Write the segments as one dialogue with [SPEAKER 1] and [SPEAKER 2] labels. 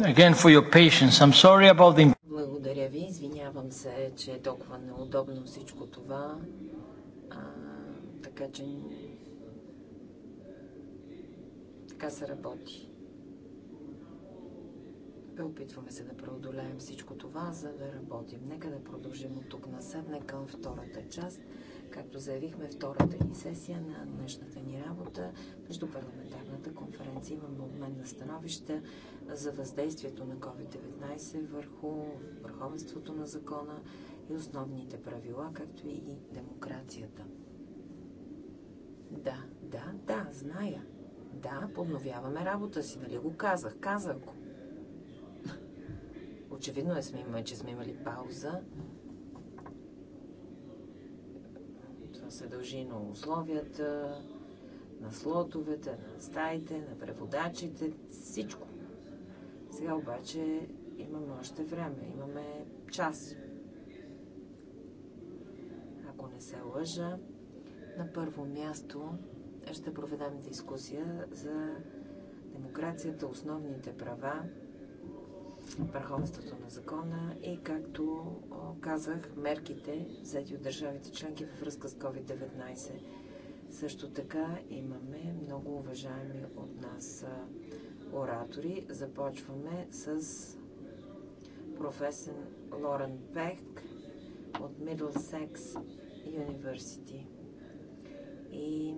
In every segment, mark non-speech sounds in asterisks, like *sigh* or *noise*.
[SPEAKER 1] Again for your patience. I'm sorry about the... Благодаря ви. Извинявам се, че е толкова неудобно всичко това. А, така че... Така се работи. Опитваме се да преодолеем всичко това, за да работим. Нека да продължим от тук насетне към втората част. Както заявихме, втората ни сесия на днешната ни работа между парламентарната международната конференция имаме обмен на становища за въздействието на COVID-19 върху върховенството на закона и основните правила, както и демокрацията. Да, да, да, зная. Да, подновяваме работа си, нали го казах? Казах го. Очевидно е, сме че сме имали пауза. Това се дължи на условията, на слотовете, на стаите, на преводачите, всичко. Сега обаче имаме още време, имаме час. Ако не се лъжа, на първо място ще проведем дискусия за демокрацията, основните права, върховенството на закона и, както казах, мерките, взети от държавите членки във връзка с COVID-19. Също така имаме много уважаеми от нас оратори. Започваме с професор Лорен Пек от Middlesex University и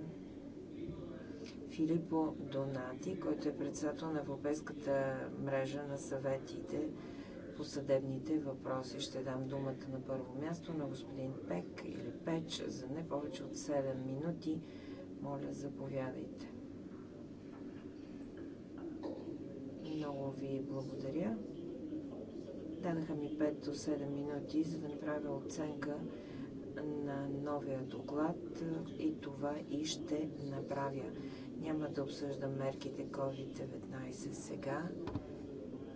[SPEAKER 1] Филипо Донати, който е председател на Европейската мрежа на съветите по съдебните въпроси. Ще дам думата на първо място на господин Пек или Печ за не повече от 7 минути. Моля, заповядайте. Много ви благодаря. Дадаха ми 5 до 7 минути, за да направя оценка на новия доклад и това и ще направя. Няма да обсъждам мерките COVID-19 сега.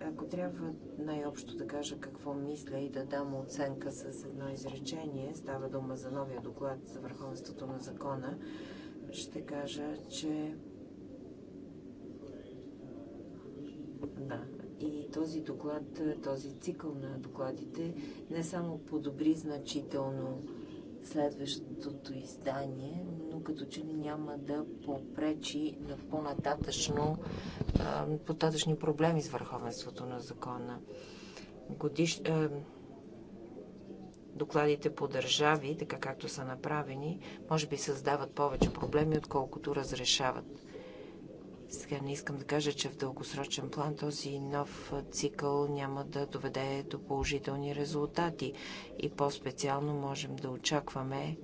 [SPEAKER 1] Ако трябва най-общо да кажа какво мисля и да дам оценка с едно изречение, става дума за новия доклад за върховенството на закона, ще кажа, че да, и този доклад, този цикъл на докладите не само подобри значително следващото издание, но като че ли няма да попречи на по-нататъчно по-нататъчни проблеми с върховенството на закона. Годиш, е, докладите по държави, така както са направени, може би създават повече проблеми, отколкото разрешават. Сега не искам да кажа, че в дългосрочен план този нов цикъл няма да доведе до положителни резултати и по-специално можем да очакваме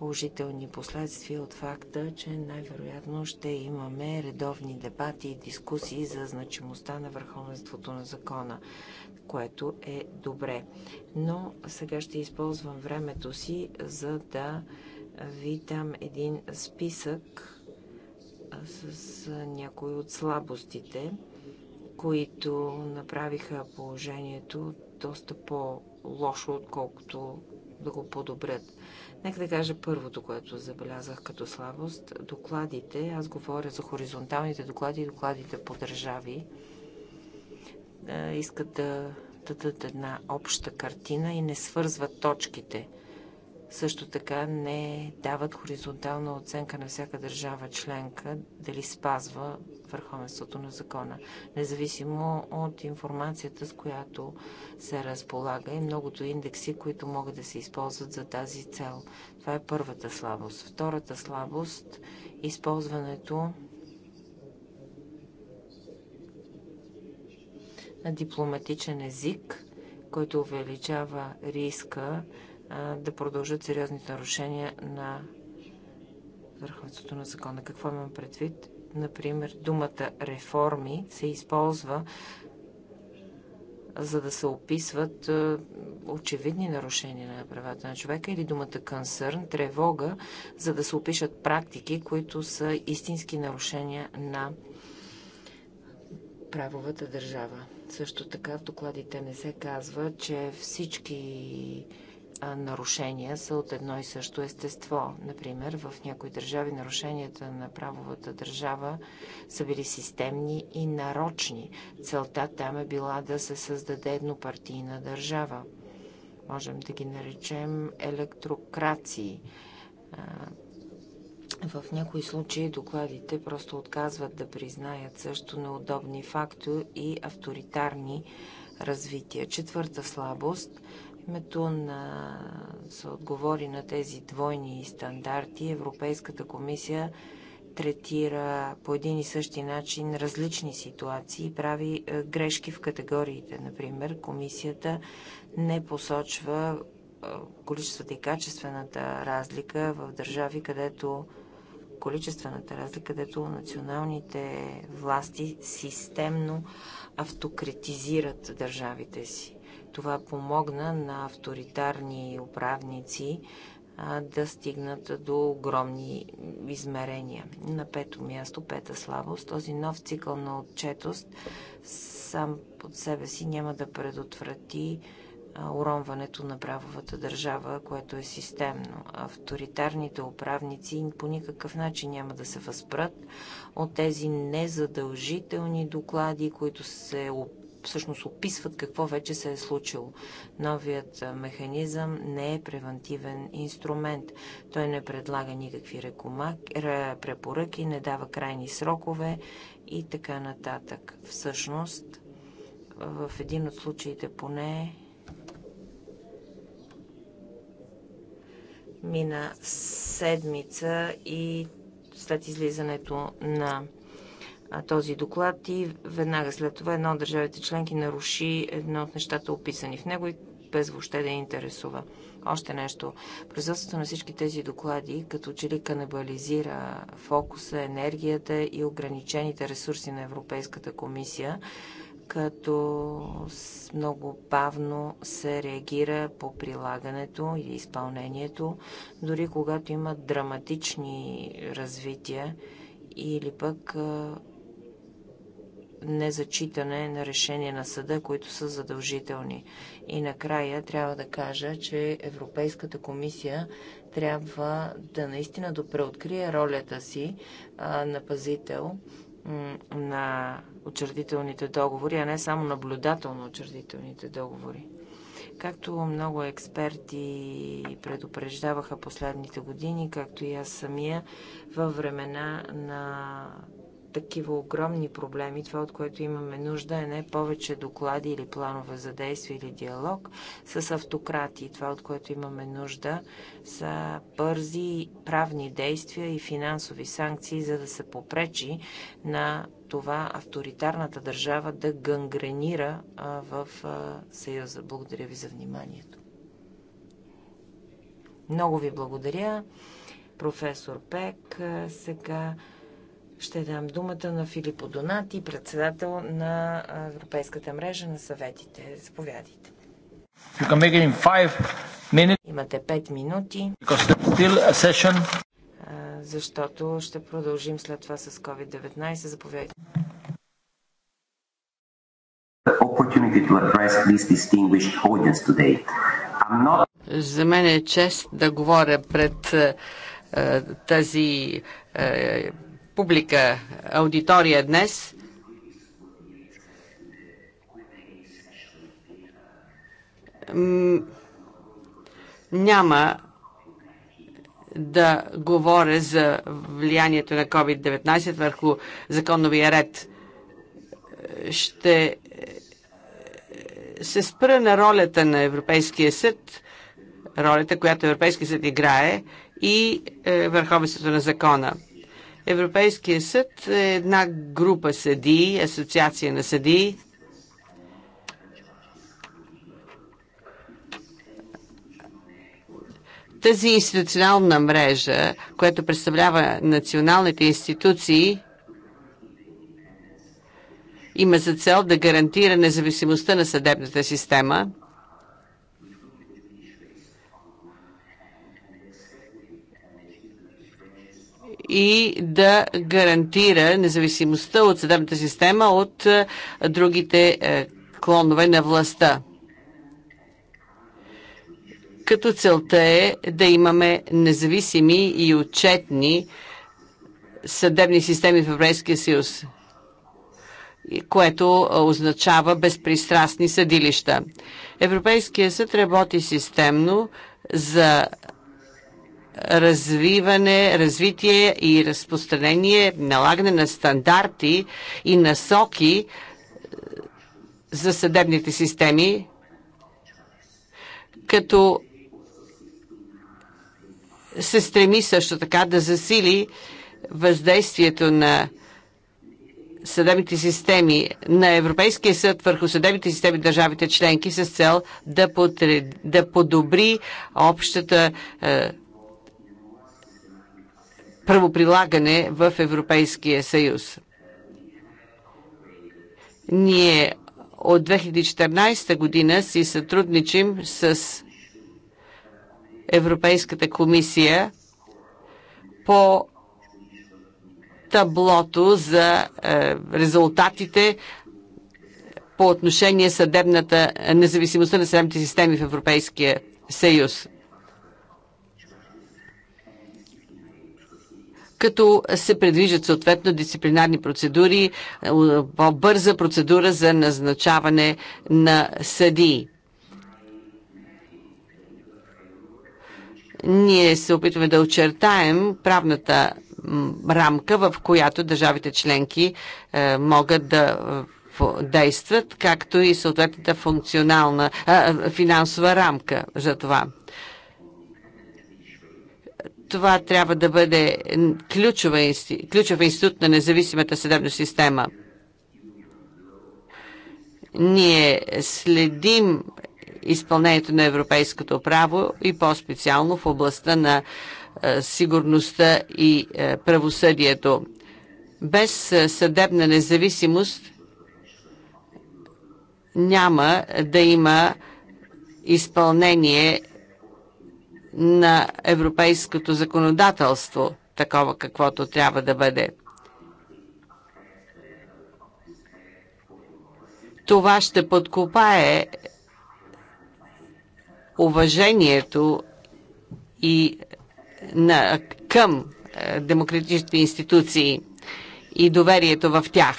[SPEAKER 1] положителни последствия от факта, че най-вероятно ще имаме редовни дебати и дискусии за значимостта на върховенството на закона, което е добре. Но сега ще използвам времето си, за да ви дам един списък с някои от слабостите, които направиха положението доста по-лошо, отколкото да го подобрят. Нека да кажа първото, което забелязах като слабост. Докладите, аз говоря за хоризонталните доклади и докладите по държави, искат да дадат една обща картина и не свързват точките. Също така не дават хоризонтална оценка на всяка държава членка дали спазва върховенството на закона, независимо от информацията, с която се разполага и многото индекси, които могат да се използват за тази цел. Това е първата слабост. Втората слабост – използването на дипломатичен език, който увеличава риска да продължат сериозните нарушения на върховенството на закона. Какво имам предвид? Например, думата реформи се използва за да се описват очевидни нарушения на правата на човека или думата concern, тревога, за да се опишат практики, които са истински нарушения на правовата държава. Също така в докладите не се казва, че всички нарушения са от едно и също естество. Например, в някои държави нарушенията на правовата държава са били системни и нарочни. Целта там е била да се създаде еднопартийна държава. Можем да ги наречем електрокрации. В някои случаи докладите просто отказват да признаят също неудобни факти и авторитарни развития. Четвърта слабост името на се отговори на тези двойни стандарти, Европейската комисия третира по един и същи начин различни ситуации и прави е, грешки в категориите. Например, комисията не посочва е, количествата и качествената разлика в държави, където количествената разлика, където националните власти системно автокритизират държавите си. Това помогна на авторитарни управници да стигнат до огромни измерения. На пето място, пета слабост, този нов цикъл на отчетост сам под себе си няма да предотврати уронването на правовата държава, което е системно. Авторитарните управници по никакъв начин няма да се възпрат от тези незадължителни доклади, които се опитват всъщност описват какво вече се е случило. Новият механизъм не е превентивен инструмент. Той не предлага никакви препоръки, не дава крайни срокове и така нататък. Всъщност, в един от случаите поне мина седмица и след излизането на този доклад и веднага след това едно от държавите членки наруши едно от нещата описани в него и без въобще да я интересува. Още нещо. Производството на всички тези доклади като че ли канабализира фокуса, енергията и ограничените ресурси на Европейската комисия, като много бавно се реагира по прилагането и изпълнението, дори когато има драматични развития или пък незачитане на решения на съда, които са задължителни. И накрая трябва да кажа, че Европейската комисия трябва да наистина да преоткрие ролята си а, на пазител на учредителните договори, а не само наблюдател на учредителните договори. Както много експерти предупреждаваха последните години, както и аз самия, във времена на такива огромни проблеми, това от което имаме нужда е не повече доклади или планове за действие или диалог с автократи. Това от което имаме нужда са бързи правни действия и финансови санкции, за да се попречи на това авторитарната държава да гангренира в Съюза. Благодаря ви за вниманието. Много ви благодаря, професор Пек. Сега ще дам думата на Филипо Донати, председател на Европейската мрежа на съветите. Заповядайте. Имате 5 минути. Защото ще продължим след това с COVID-19. Заповядайте.
[SPEAKER 2] За мен е чест да говоря пред тази публика, аудитория днес. Няма да говоря за влиянието на COVID-19 върху законовия ред. Ще е, се спра на ролята на Европейския съд, ролята, която Европейския съд играе и е, върховенството на закона. Европейския съд е една група съдии, асоциация на съдии. Тази институционална мрежа, която представлява националните институции, има за цел да гарантира независимостта на съдебната система – и да гарантира независимостта от съдебната система от е, другите е, клонове на властта. Като целта е да имаме независими и отчетни съдебни системи в Европейския съюз, което е, означава безпристрастни съдилища. Европейския съд работи системно за развиване, развитие и разпространение, налагане на стандарти и насоки е, за съдебните системи, като се стреми също така да засили въздействието на съдебните системи на Европейския съд върху съдебните системи в държавите членки с цел да, подред, да подобри общата е, правоприлагане в Европейския съюз. Ние от 2014 година си сътрудничим с Европейската комисия по таблото за е, резултатите по отношение съдебната независимостта на съдебните системи в Европейския съюз. като се предвиждат съответно дисциплинарни процедури, е, по-бърза процедура за назначаване на съдии. ние се опитваме да очертаем правната рамка, в която държавите членки е, могат да е, действат, както и съответната функционална, а, финансова рамка за това това трябва да бъде ключова, ключов институт на независимата съдебна система. Ние следим изпълнението на европейското право и по-специално в областта на е, сигурността и е, правосъдието. Без е, съдебна независимост няма да има изпълнение на европейското законодателство, такова каквото трябва да бъде. Това ще подкопае уважението и на, към е, демократичните институции и доверието в тях.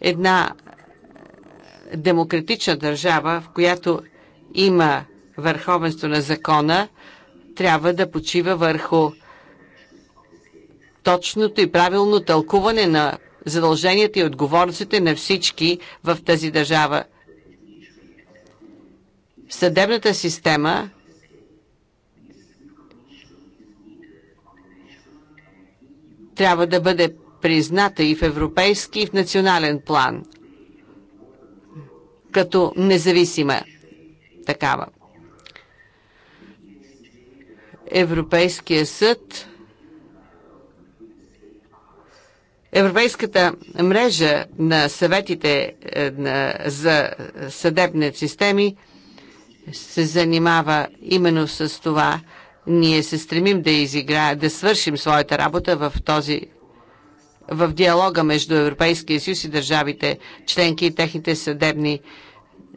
[SPEAKER 2] Една е, демократична държава, в която има върховенство на закона, трябва да почива върху точното и правилно тълкуване на задълженията и отговорностите на всички в тази държава. Съдебната система трябва да бъде призната и в европейски, и в национален план като независима такава. Европейския съд Европейската мрежа на съветите е, за съдебни системи се занимава именно с това. Ние се стремим да изиграем, да свършим своята работа в този в диалога между Европейския съюз и държавите членки и техните съдебни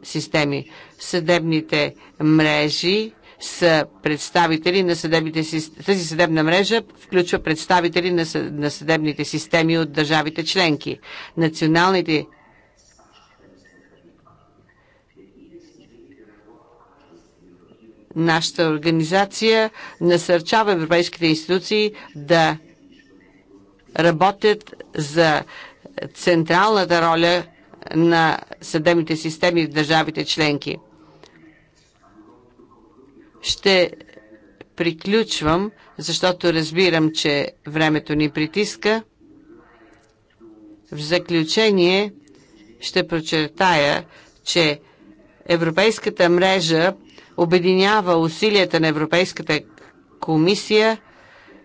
[SPEAKER 2] системи съдебните мрежи са представители на съдебните системи. Тази съдебна мрежа включва представители на, на съдебните системи от държавите членки. Националните Нашата организация насърчава европейските институции да работят за централната роля на съдебните системи в държавите членки. Ще приключвам, защото разбирам, че времето ни притиска. В заключение ще прочертая, че Европейската мрежа обединява усилията на Европейската комисия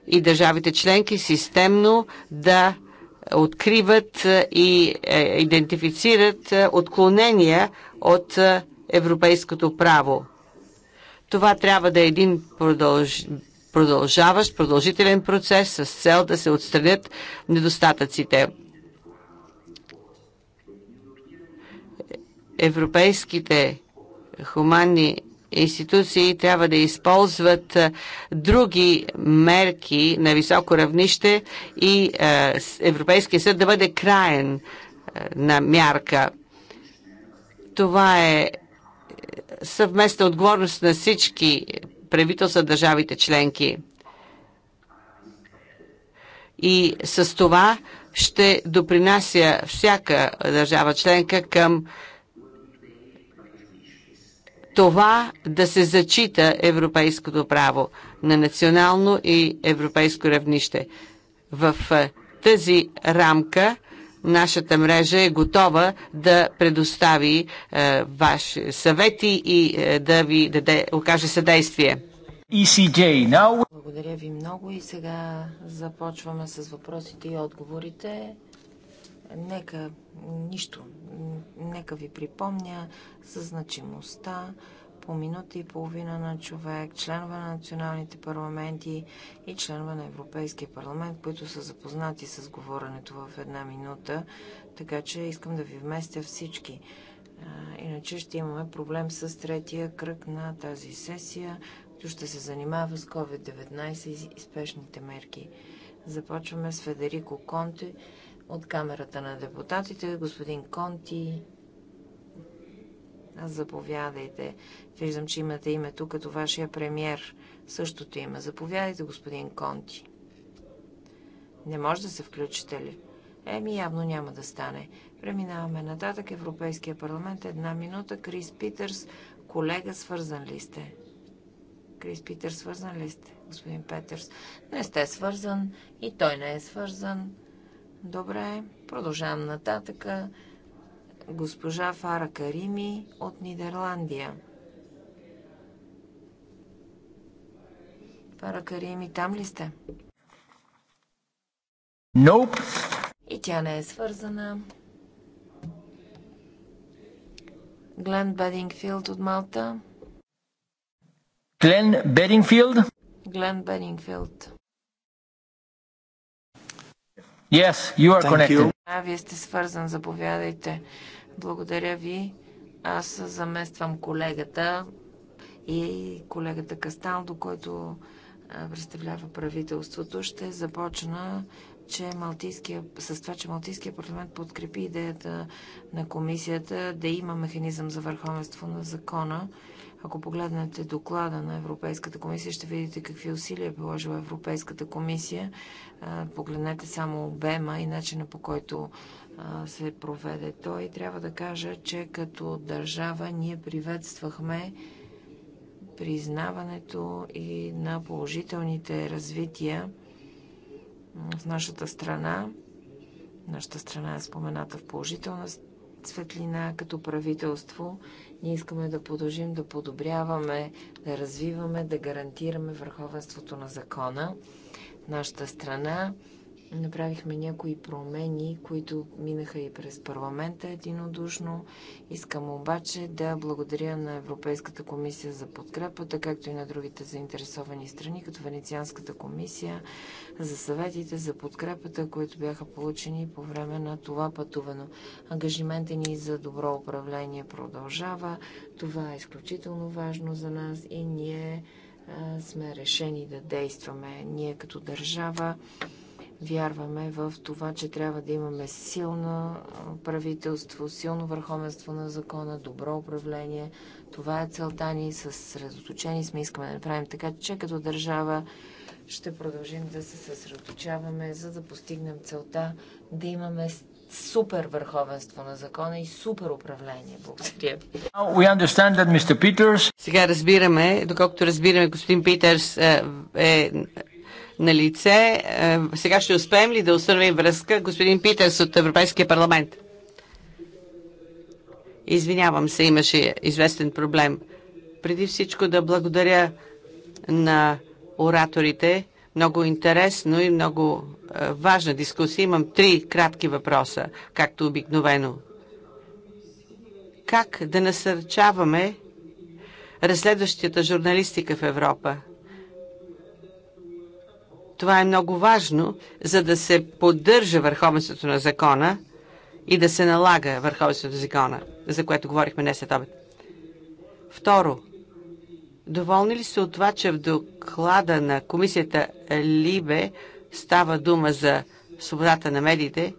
[SPEAKER 2] и държавите членки системно да откриват и е, идентифицират е, отклонения от е, европейското право. Това трябва да е един продълж... продължаващ, продължителен процес с цел да се отстранят недостатъците. Европейските хуманни институции трябва да използват други мерки на високо равнище и Европейския съд да бъде краен на мярка. Това е съвместна отговорност на всички правителства, държавите членки. И с това ще допринася всяка държава членка към това да се зачита европейското право на национално и европейско равнище. В тази рамка нашата мрежа е готова да предостави е, ваши съвети и е, да ви даде, окаже съдействие. ECJ, now...
[SPEAKER 1] Благодаря ви много и сега започваме с въпросите и отговорите. Нека нищо, нека ви припомня за значимостта по минута и половина на човек, членове на националните парламенти и членове на Европейския парламент, които са запознати с говоренето в една минута, така че искам да ви вместя всички. Иначе ще имаме проблем с третия кръг на тази сесия, който ще се занимава с COVID-19 и спешните мерки. Започваме с Федерико Конте от Камерата на депутатите. Господин Конти, Заповядайте. Виждам, че имате името като вашия премьер. Същото има. Заповядайте, господин Конти. Не може да се включите ли? Еми, явно няма да стане. Преминаваме нататък. Европейския парламент. Една минута. Крис Питърс. Колега, свързан ли сте? Крис Питърс, свързан ли сте, господин Петърс? Не сте свързан и той не е свързан. Добре, продължавам нататъка госпожа Фара Карими от Нидерландия. Фара Карими, там ли сте? Nope. И тя не е свързана. Глен Бедингфилд от Малта.
[SPEAKER 2] Глен Бедингфилд?
[SPEAKER 1] Глен Бедингфилд.
[SPEAKER 2] Yes, you are Thank connected. You.
[SPEAKER 1] А, вие сте свързан, заповядайте. Благодаря ви. Аз замествам колегата и колегата Касталдо, който представлява правителството. Ще започна че Малтийския, с това, че Малтийския парламент подкрепи идеята на комисията да има механизъм за върховенство на закона. Ако погледнете доклада на Европейската комисия, ще видите какви усилия е положила Европейската комисия. Погледнете само обема и начина по който се проведе той. Трябва да кажа, че като държава ние приветствахме признаването и на положителните развития в нашата страна. Нашата страна е спомената в положителна светлина като правителство. Ние искаме да продължим да подобряваме, да развиваме, да гарантираме върховенството на закона в нашата страна Направихме някои промени, които минаха и през парламента единодушно. Искам обаче да благодаря на Европейската комисия за подкрепата, както и на другите заинтересовани страни, като Венецианската комисия, за съветите, за подкрепата, които бяха получени по време на това пътувано. Ангажимента ни за добро управление продължава. Това е изключително важно за нас и ние а, сме решени да действаме. Ние като държава Вярваме в това, че трябва да имаме силно правителство, силно върховенство на закона, добро управление. Това е целта ни. Съсредоточени сме, искаме да направим така, че като държава ще продължим да се съсредоточаваме, за да постигнем целта да имаме супер върховенство на закона и супер управление. Благодаря.
[SPEAKER 2] Сега разбираме, доколкото разбираме, господин Питърс е, е на лице. Е, сега ще успеем ли да установим връзка? Господин Питерс от Европейския парламент. Извинявам се, имаше известен проблем. Преди всичко да благодаря на ораторите. Много интересно и много е, важна дискусия. Имам три кратки въпроса, както обикновено. Как да насърчаваме разследващата журналистика в Европа? Това е много важно, за да се поддържа върховенството на закона и да се налага върховенството на закона, за което говорихме днес след обед. Второ, доволни ли се от това, че в доклада на комисията Либе става дума за свободата на медиите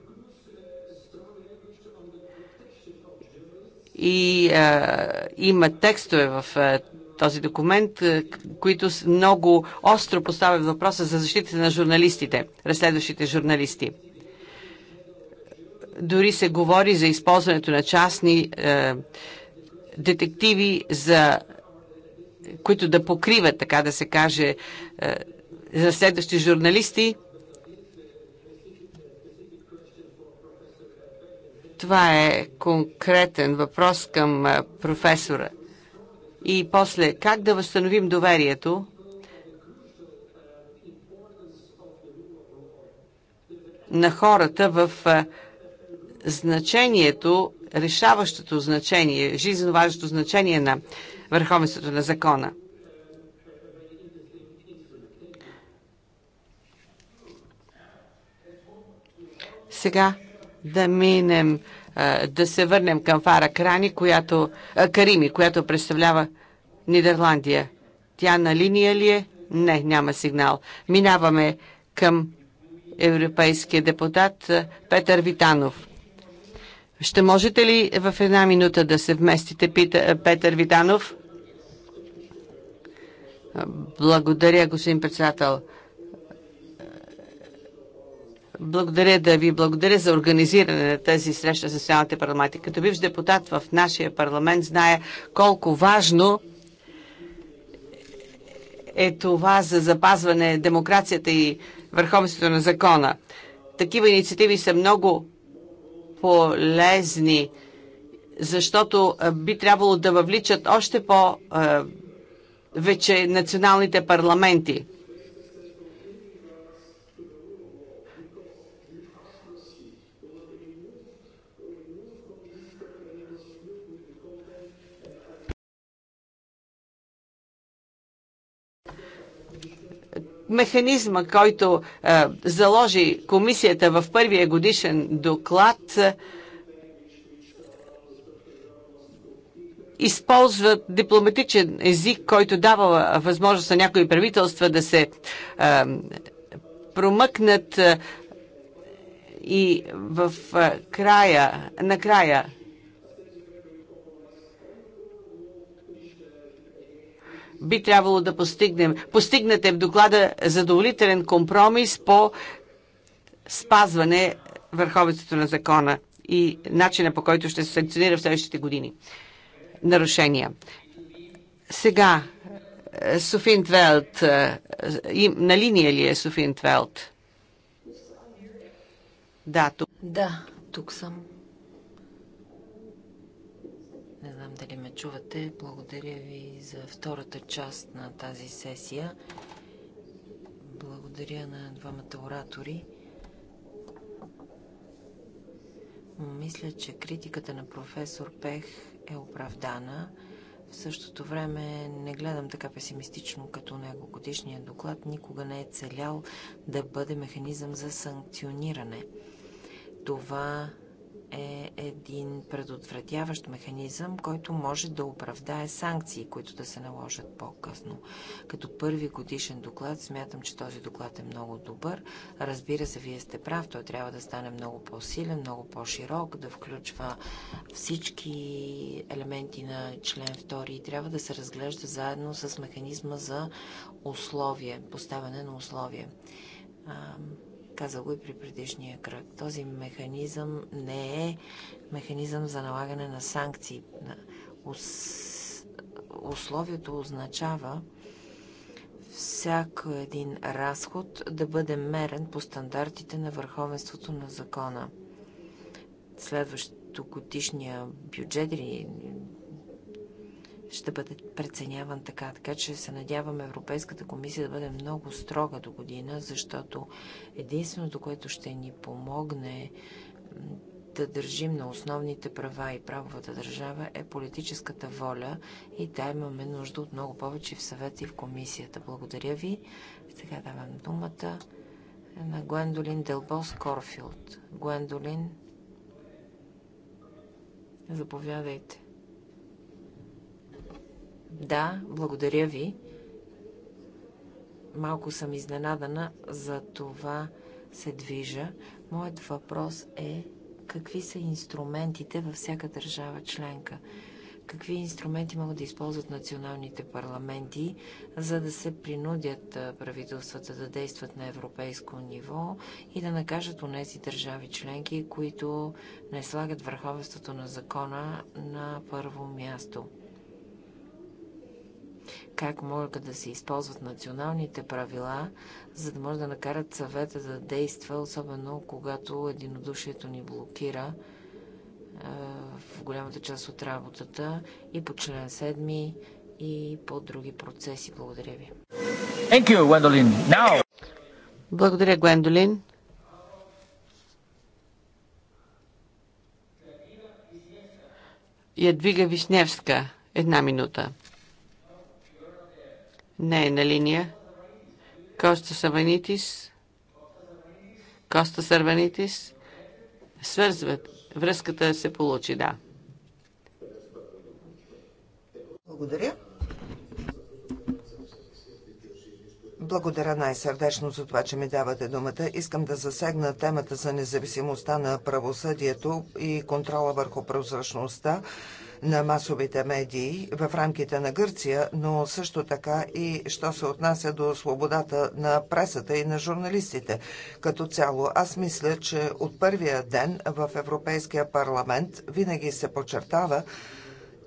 [SPEAKER 2] и а, има текстове в а, този документ, е, които много остро поставят въпроса за защита на журналистите, разследващите журналисти. Дори се говори за използването на частни е, детективи, за, които да покриват, така да се каже, е, разследващи журналисти. Това е конкретен въпрос към е, професора. И после, как да възстановим доверието на хората в значението, решаващото значение, жизненно важното значение на върховенството на закона. Сега да минем да се върнем към Фара Крани, която, Карими, която представлява Нидерландия. Тя на линия ли е? Не, няма сигнал. Минаваме към европейския депутат Петър Витанов. Ще можете ли в една минута да се вместите, Петър Витанов? Благодаря, господин председател. Благодаря да ви благодаря за организиране на тази среща с националните парламенти. Като бивш депутат в нашия парламент знае колко важно е това за запазване демокрацията и върховенството на закона. Такива инициативи са много полезни, защото би трябвало да въвличат още по вече националните парламенти. Механизма, който е, заложи комисията в първия годишен доклад, е, използват дипломатичен език, който дава възможност на някои правителства да се е, промъкнат е, и в е, края, накрая би трябвало да постигнем. Постигнете в доклада задоволителен компромис по спазване върховенството на закона и начина по който ще се санкционира в следващите години нарушения. Сега, е, Софин Твелт, е, на линия ли е Софин Твелт? Да, тук. Да, тук съм.
[SPEAKER 1] чувате. Благодаря ви за втората част на тази сесия. Благодаря на двамата оратори. Мисля, че критиката на професор Пех е оправдана. В същото време не гледам така песимистично като него. Годишният доклад никога не е целял да бъде механизъм за санкциониране. Това е един предотвратяващ механизъм, който може да оправдае санкции, които да се наложат по-късно. Като първи годишен доклад смятам, че този доклад е много добър. Разбира се, вие сте прав, той трябва да стане много по-силен, много по-широк, да включва всички елементи на член 2 и трябва да се разглежда заедно с механизма за условие, поставяне на условие каза го и при предишния кръг. Този механизъм не е механизъм за налагане на санкции. Условието означава всяко един разход да бъде мерен по стандартите на върховенството на закона. Следващото годишния бюджет или ще бъде преценяван така. Така че се надявам Европейската комисия да бъде много строга до година, защото единственото, което ще ни помогне да държим на основните права и правовата държава е политическата воля и да имаме нужда от много повече в съвет и в комисията. Благодаря ви. Сега давам думата на Гуендолин Делбос Корфилд. Гуендолин, заповядайте. Да, благодаря ви. Малко съм изненадана, за това се движа. Моят въпрос е какви са инструментите във всяка държава членка? Какви инструменти могат да използват националните парламенти, за да се принудят правителствата да действат на европейско ниво и да накажат нези държави членки, които не слагат върховенството на закона на първо място? как могат да се използват националните правила, за да може да накарат съвета да действа, особено когато единодушието ни блокира в голямата част от работата и по член 7 и по други процеси. Благодаря ви.
[SPEAKER 2] Thank you, Gwendolyn. Now... Благодаря, Гвендолин. Ядвига Вишневска. Една минута. Не е на линия. Коста Саванитис. Коста Сарванитис. Свързват. Връзката
[SPEAKER 3] се получи, да. Благодаря. Благодаря най-сърдечно за това, че ми давате думата. Искам да засегна темата за независимостта на правосъдието и контрола върху прозрачността на масовите медии в рамките на Гърция, но също така и що се отнася до свободата на пресата и на журналистите. Като цяло, аз мисля, че от първия ден в Европейския парламент винаги се подчертава,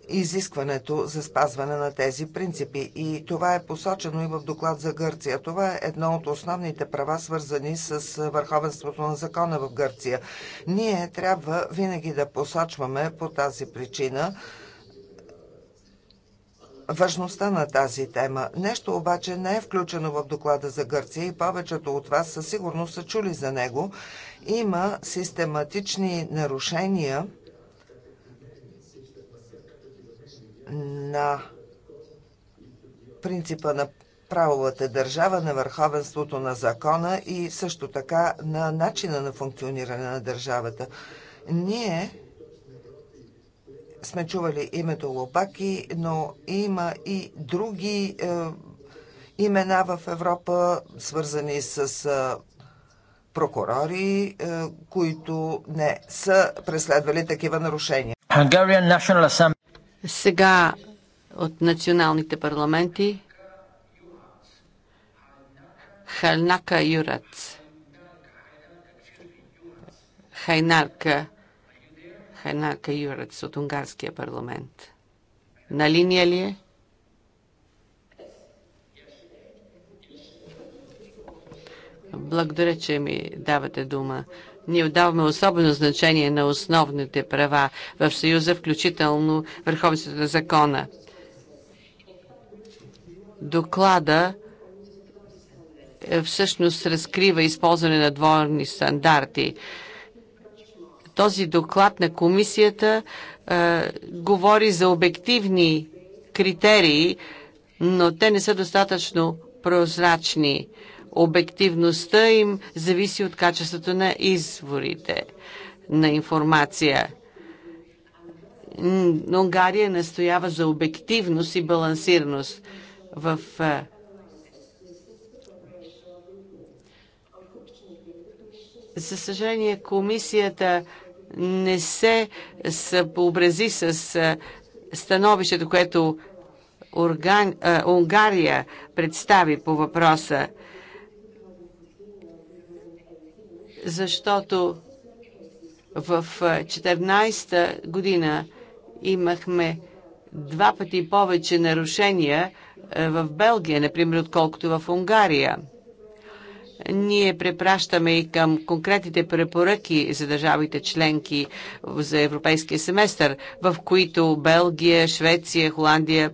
[SPEAKER 3] изискването за спазване на тези принципи. И това е посочено и в доклад за Гърция. Това е едно от основните права, свързани с върховенството на закона в Гърция. Ние трябва винаги да посочваме по тази причина важността на тази тема. Нещо обаче не е включено в доклада за Гърция и повечето от вас със сигурност са чули за него. Има систематични нарушения – на принципа на правовата държава, на върховенството на закона и също така на начина на функциониране на държавата. Ние сме чували името Лопаки, но има и други е, имена в Европа, свързани с е, прокурори, е, които не са преследвали такива нарушения.
[SPEAKER 2] Сега от националните парламенти Хайнака Юрат. Хайнарка, Хайнарка Юрат от Унгарския парламент. На линия ли е? Благодаря, че ми давате дума. Ние отдаваме особено значение на основните права в Съюза, включително върховенството на закона. Доклада е, всъщност разкрива използване на двойни стандарти. Този доклад на комисията е, говори за обективни критерии, но те не са достатъчно прозрачни. Е, обективността им зависи от качеството на изворите на информация. Унгария настоява за обективност и балансираност в За съжаление, комисията не се съобрази с становището, което Унгария представи по въпроса защото в 14-та година имахме два пъти повече нарушения в Белгия, например, отколкото в Унгария. Ние препращаме и към конкретните препоръки за държавите членки за европейския семестър, в които Белгия, Швеция, Холандия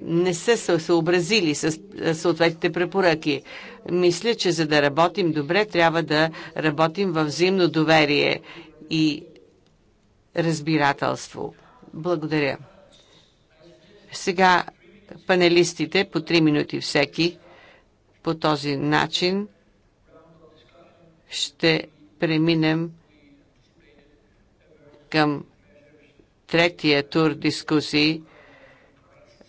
[SPEAKER 2] не са се съобразили с съответните препоръки. Мисля, че за да работим добре, трябва да работим в взаимно доверие и разбирателство. Благодаря. Сега панелистите по 3 минути всеки. По този начин ще преминем към третия тур дискусии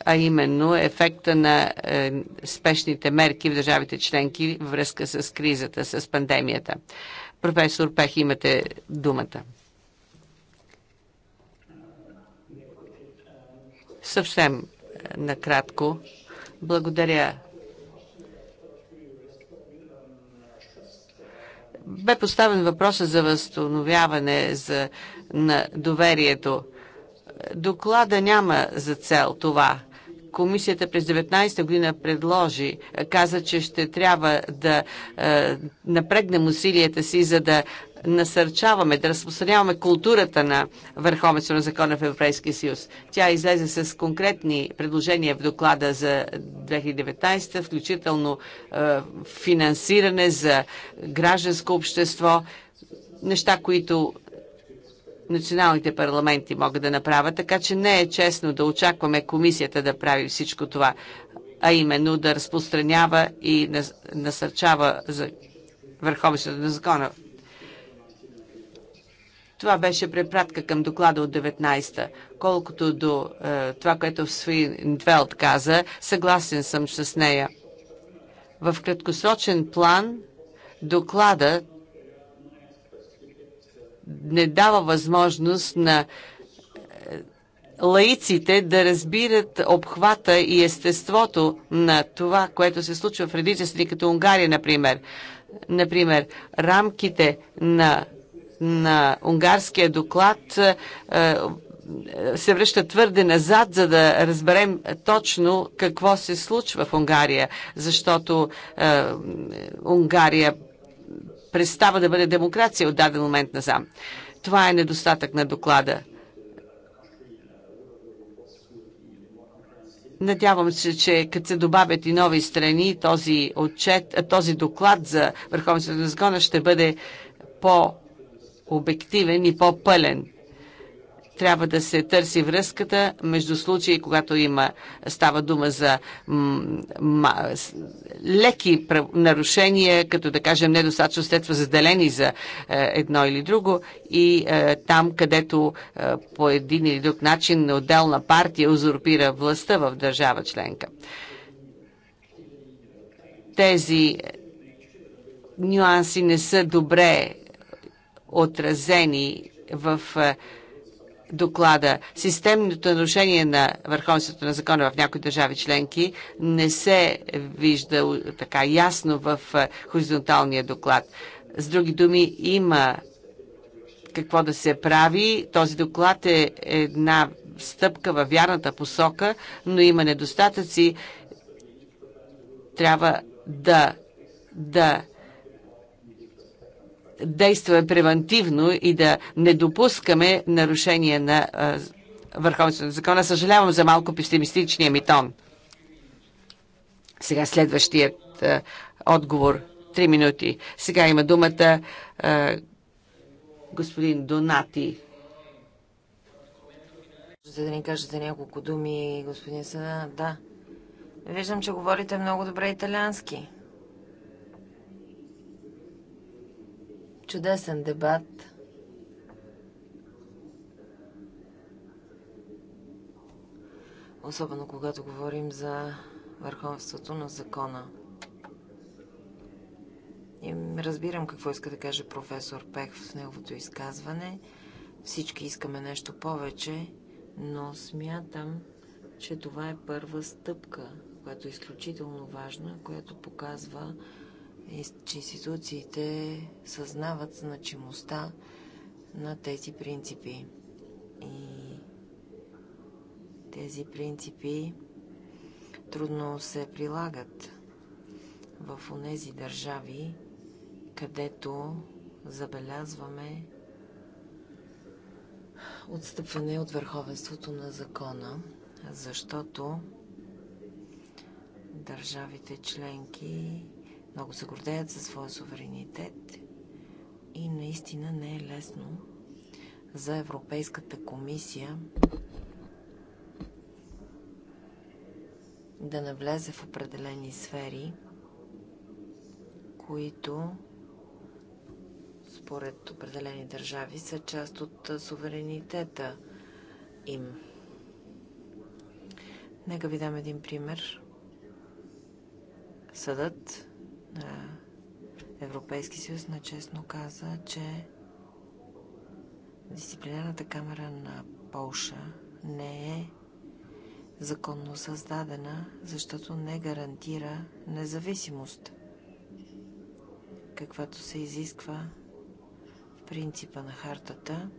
[SPEAKER 2] а именно ефекта на е, спешните мерки в държавите членки във връзка с кризата, с пандемията. Професор Пех, имате думата. Съвсем е, накратко. Благодаря. Бе поставен въпроса за възстановяване за, на доверието. Доклада няма за цел това. Комисията през 19 година предложи, е, каза, че ще трябва да е, напрегнем усилията си, за да насърчаваме, да разпространяваме културата на върховенство на закона в Европейския съюз. Тя излезе с конкретни предложения в доклада за 2019, включително е, финансиране за гражданско общество, неща, които националните парламенти могат да направят, така че не е честно да очакваме комисията да прави всичко това, а именно да разпространява и насърчава за върховещата на закона. Това беше препратка към доклада от 19-та. Колкото до е, това, което Свинфелд каза, съгласен съм с нея. В краткосрочен план докладът не дава възможност на е, лаиците да разбират обхвата и естеството на това, което се случва в редица страни, като Унгария, например. Например, рамките на, на унгарския доклад е, е, се връща твърде назад, за да разберем точно какво се случва в Унгария, защото е, Унгария престава да бъде демокрация от даден момент назам. Това е недостатък на доклада. Надявам се, че като се добавят и нови страни, този, отчет, този доклад за върховенството на сгона ще бъде по-обективен и по-пълен трябва да се търси връзката между случаи, когато има, става дума за леки нарушения, като да кажем недостатъчно следства заделени за е, едно или друго и е, там, където е, по един или друг начин отделна партия узурпира властта в държава членка. Тези нюанси не са добре отразени в доклада. Системното нарушение на върховенството на закона в някои държави членки не се вижда така ясно в хоризонталния доклад. С други думи, има какво да се прави. Този доклад е една стъпка във вярната посока, но има недостатъци. Трябва да, да действаме превентивно и да не допускаме нарушение на върховенството на закона. Съжалявам за малко песимистичния ми тон. Сега следващият отговор. Три минути. Сега има думата господин Донати.
[SPEAKER 1] За да ни кажете няколко думи, господин Сена, да. Виждам, че говорите много добре италиански. Чудесен дебат. Особено когато говорим за върховството на закона. И разбирам какво иска да каже професор Пех в неговото изказване. Всички искаме нещо повече, но смятам, че това е първа стъпка, която е изключително важна, която показва е, че институциите съзнават значимостта на тези принципи. И тези принципи трудно се прилагат в онези държави, където забелязваме отстъпване от върховенството на закона, защото държавите членки много се гордеят за своя суверенитет и наистина не е лесно за Европейската комисия да навлезе в определени сфери, които според определени държави са част от суверенитета им. Нека ви дам един пример. Съдът Европейски съюз начестно каза, че Дисциплинарната камера на Полша не е законно създадена, защото не гарантира независимост, каквато се изисква в принципа на хартата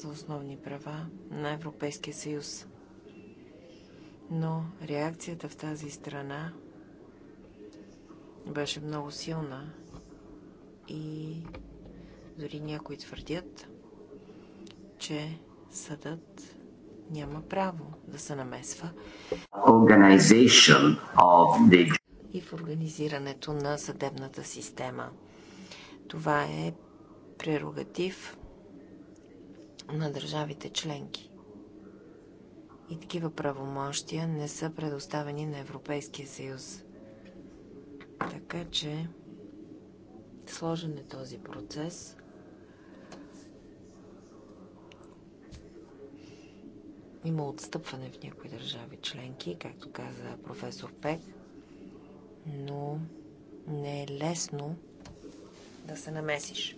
[SPEAKER 1] за основни права на Европейския съюз но реакцията в тази страна беше много силна и дори някои твърдят, че съдът няма право да се намесва
[SPEAKER 2] the...
[SPEAKER 1] и в организирането на съдебната система. Това е прерогатив на държавите членки и такива правомощия не са предоставени на Европейския съюз. Така че сложен е този процес. Има отстъпване в някои държави членки, както каза професор Пек, но не е лесно да се намесиш.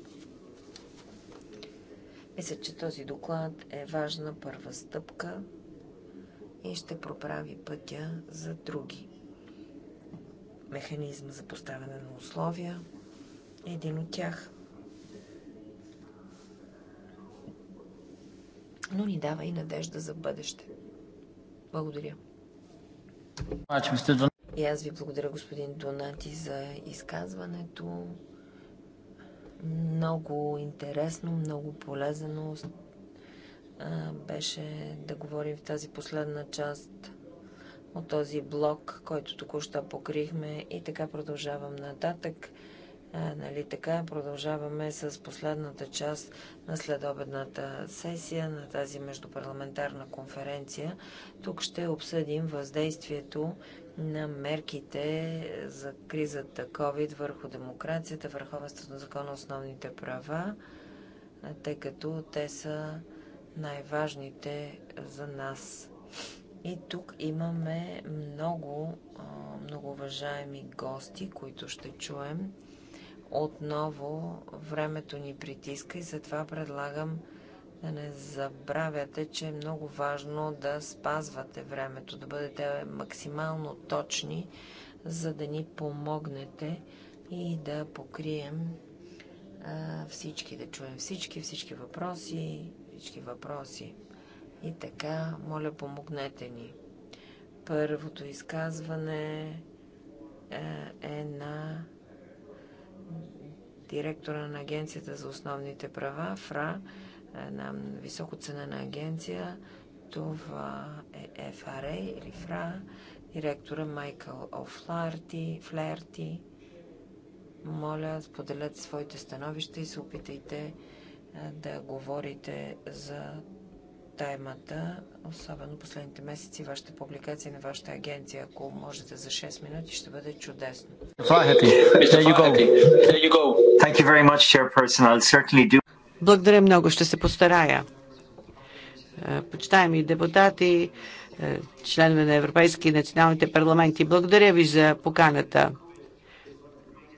[SPEAKER 1] Мисля, че този доклад е важна първа стъпка и ще проправи пътя за други. Механизъм за поставяне на условия е един от тях. Но ни дава и надежда за бъдеще. Благодаря. И аз ви благодаря, господин Донати, за изказването. Много интересно, много полезно беше да говорим в тази последна част от този блок, който току-що покрихме и така продължавам нататък. А, нали така, продължаваме с последната част на следобедната сесия на тази междупарламентарна конференция. Тук ще обсъдим въздействието на мерките за кризата COVID върху демокрацията, върховенството на закона, основните права, тъй като те са най-важните за нас. И тук имаме много, много уважаеми гости, които ще чуем. Отново времето ни притиска и затова предлагам да не забравяте, че е много важно да спазвате времето, да бъдете максимално точни, за да ни помогнете и да покрием а, всички, да чуем всички, всички въпроси всички въпроси. И така, моля, помогнете ни. Първото изказване е, е на директора на Агенцията за основните права, ФРА, на високо цена на агенция. Това е ФРА или ФРА, директора Майкъл О'Фларти, Флерти. Моля, споделете своите становища и се опитайте да говорите за темата, особено последните месеци, вашите публикации на вашата агенция. Ако можете за 6 минути, ще бъде чудесно.
[SPEAKER 2] Благодаря много, ще се постарая. Е, почитаеми депутати, е, членове на Европейски и националните парламенти, благодаря ви за поканата.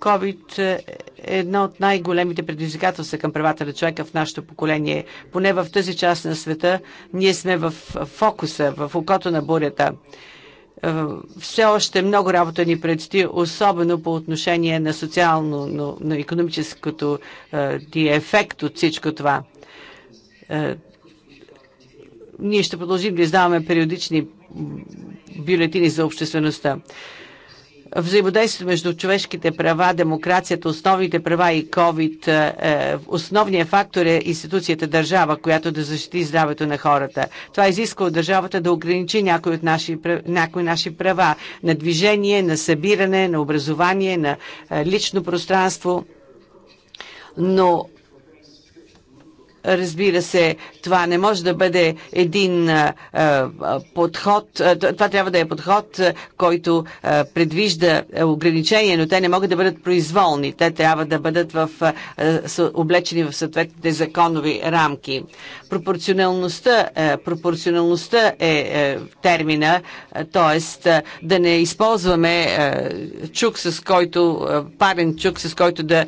[SPEAKER 2] COVID е, едно от най-големите предизвикателства към правата на човека в нашето поколение. Поне в тази част на света ние сме в фокуса, в окото на бурята. Е, все още много работа ни предстои, особено по отношение на социално, но, на економическото е, ти ефект от всичко това. Е, ние ще продължим да издаваме периодични бюлетини за обществеността взаимодействието между човешките права, демокрацията, основните права и COVID, е, е, основният фактор е институцията държава, която да защити здравето на хората. Това изисква от държавата да ограничи някои, от наши, някои наши права на движение, на събиране, на образование, на е, лично пространство. Но Разбира се, това не може да бъде един подход. Това трябва да е подход, който предвижда е, ограничения, но те не могат да бъдат произволни. Те трябва да бъдат в, облечени в съответните законови рамки. Пропорционалността, е, пропорционалността е, е термина, т.е. да не използваме чук, с който, парен чук, с който да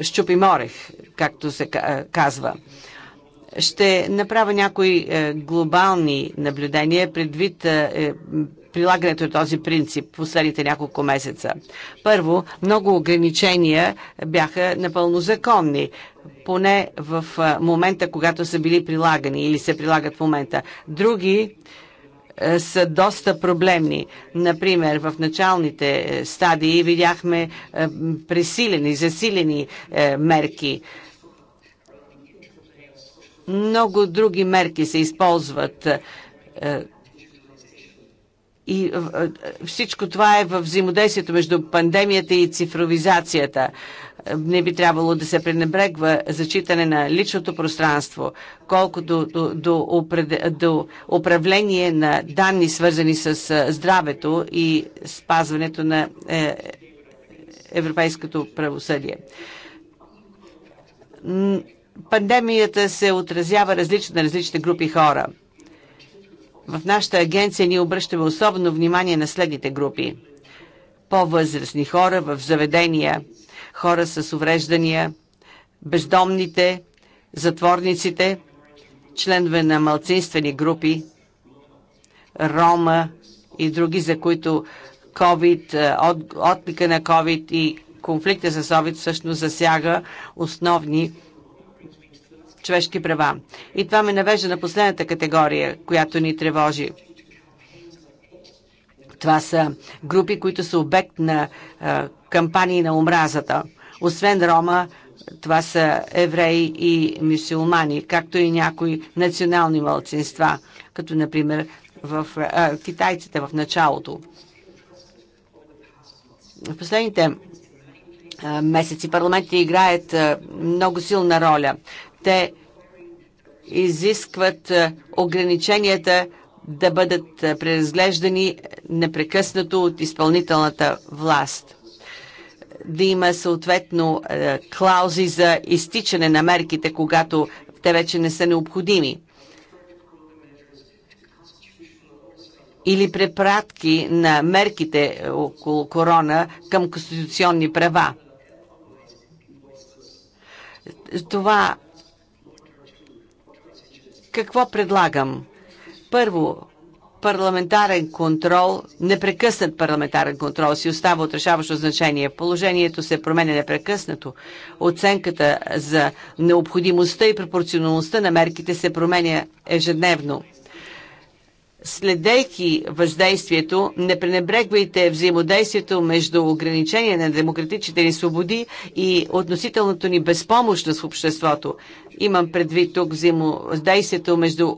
[SPEAKER 2] щупим орех както се казва. Ще направя някои е, глобални наблюдения предвид е, е, прилагането на този принцип последните няколко месеца. Първо, много ограничения бяха напълно законни, поне в момента, когато са били прилагани или се прилагат в момента. Други са доста проблемни. Например, в началните стадии видяхме пресилени, засилени мерки много други мерки се използват. Е, и е, всичко това е в взаимодействието между пандемията и цифровизацията. Е, не би трябвало да се пренебрегва зачитане на личното пространство, колкото до, до, до управление на данни, свързани с здравето и спазването на е, европейското правосъдие пандемията се отразява различно на различни групи хора. В нашата агенция ние обръщаме особено внимание на следните групи. По-възрастни хора в заведения, хора с увреждания, бездомните, затворниците, членове на малцинствени групи, Рома и други, за които COVID, е, от, отпика на COVID и конфликта с COVID всъщност засяга основни човешки права. И това ме навежда на последната категория, която ни тревожи. Това са групи, които са обект на а, кампании на омразата. Освен Рома, това са евреи и мусулмани, както и някои национални мълцинства, като например в а, китайците в началото. В последните месеци парламентите играят много силна роля те изискват е, ограниченията да бъдат е, преразглеждани непрекъснато от изпълнителната власт. Да има съответно е, клаузи за изтичане на мерките, когато те вече не са необходими. Или препратки на мерките около корона към конституционни права. Това какво предлагам? Първо, парламентарен контрол, непрекъснат парламентарен контрол си остава от решаващо значение. Положението се променя непрекъснато. Оценката за необходимостта и пропорционалността на мерките се променя ежедневно следейки въздействието, не пренебрегвайте взаимодействието между ограничение на демократичните ни свободи и относителното ни безпомощност в обществото. Имам предвид тук взаимодействието между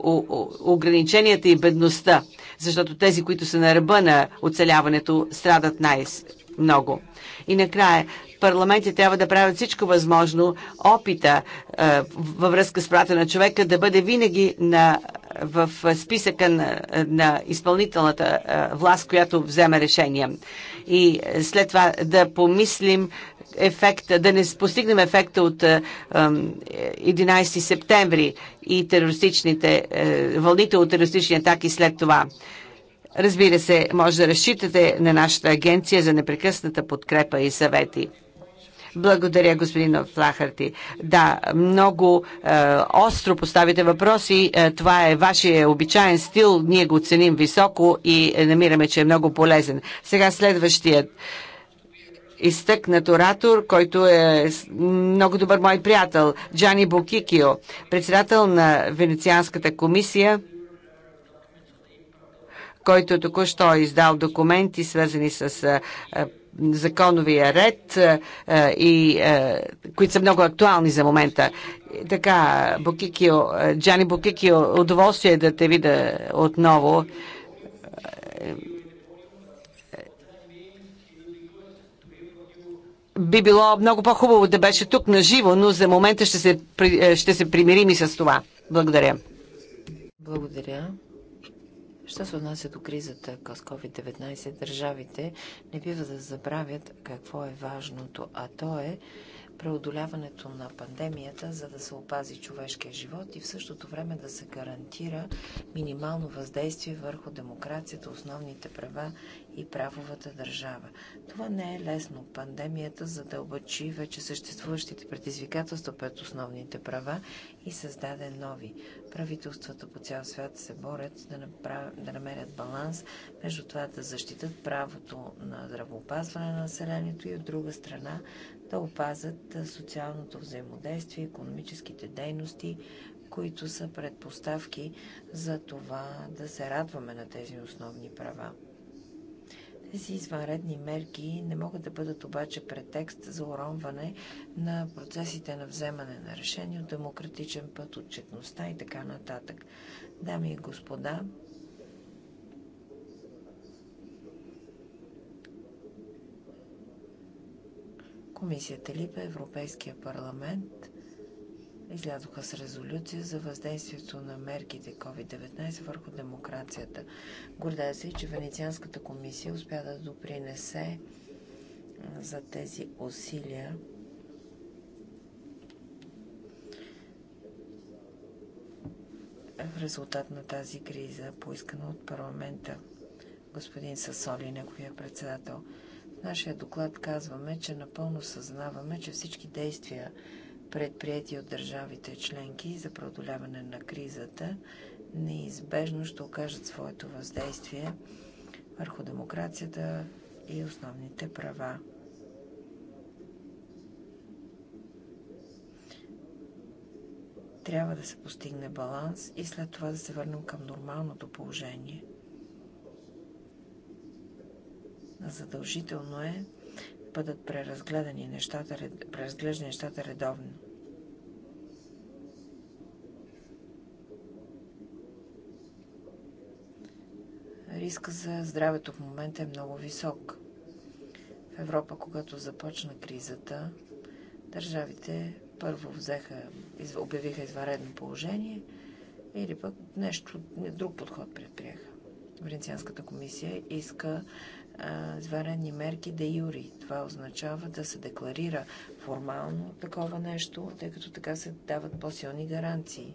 [SPEAKER 2] ограниченията и бедността, защото тези, които са на ръба на оцеляването, страдат най-много. И накрая, парламентите трябва да правят всичко възможно опита е, във връзка с правата на човека да бъде винаги на, в списъка на, на изпълнителната е, власт, която взема решения. И след това да помислим ефекта, да не постигнем ефекта от 11 е, септември и терористичните, вълните от терористични атаки след това. Разбира се, може да разчитате на нашата агенция за непрекъсната подкрепа и съвети. Благодаря, господин Флахарти. Да, много е, остро поставите въпроси. Е, това е вашия обичайен стил. Ние го ценим високо и намираме, че е много полезен. Сега следващият изтъкнат оратор, който е много добър мой приятел, Джани Бокикио, председател на Венецианската комисия, който току-що е издал документи, свързани с е, е, законовия ред и които са много актуални за момента. Така, Букикио, Джани Букикио, удоволствие е да те видя отново. би било много по-хубаво да беше тук на живо, но за момента ще се, ще се примирим и с това. Благодаря.
[SPEAKER 1] Благодаря. Що се отнася до кризата с COVID-19, държавите не бива да забравят какво е важното, а то е преодоляването на пандемията, за да се опази човешкия живот и в същото време да се гарантира минимално въздействие върху демокрацията, основните права и правовата държава. Това не е лесно. Пандемията задълбачи вече съществуващите предизвикателства пред основните права и създаде нови. Правителствата по цял свят се борят да, направят, да намерят баланс между това да защитат правото на здравоопазване на населението и от друга страна да опазят социалното взаимодействие, економическите дейности, които са предпоставки за това да се радваме на тези основни права. Тези извънредни мерки не могат да бъдат обаче претекст за уронване на процесите на вземане на решения от демократичен път, отчетността и така нататък. Дами и господа, Комисията липа, Европейския парламент излязоха с резолюция за въздействието на мерките COVID-19 върху демокрацията. Гордея се, че Венецианската комисия успя да допринесе за тези усилия в резултат на тази криза, поискана от парламента. Господин Сасоли, неговия председател. В нашия доклад казваме, че напълно съзнаваме, че всички действия, предприяти от държавите членки за преодоляване на кризата, неизбежно ще окажат своето въздействие върху демокрацията и основните права. Трябва да се постигне баланс и след това да се върнем към нормалното положение. Задължително е бъдат преразгледани нещата, преразглеждани нещата редовно. Риска за здравето в момента е много висок. В Европа, когато започна кризата, държавите първо взеха, обявиха извънредно положение или пък нещо, друг подход предприеха. Венецианската комисия иска изваредни мерки де юри. Това означава да се декларира формално такова нещо, тъй като така се дават по-силни гаранции.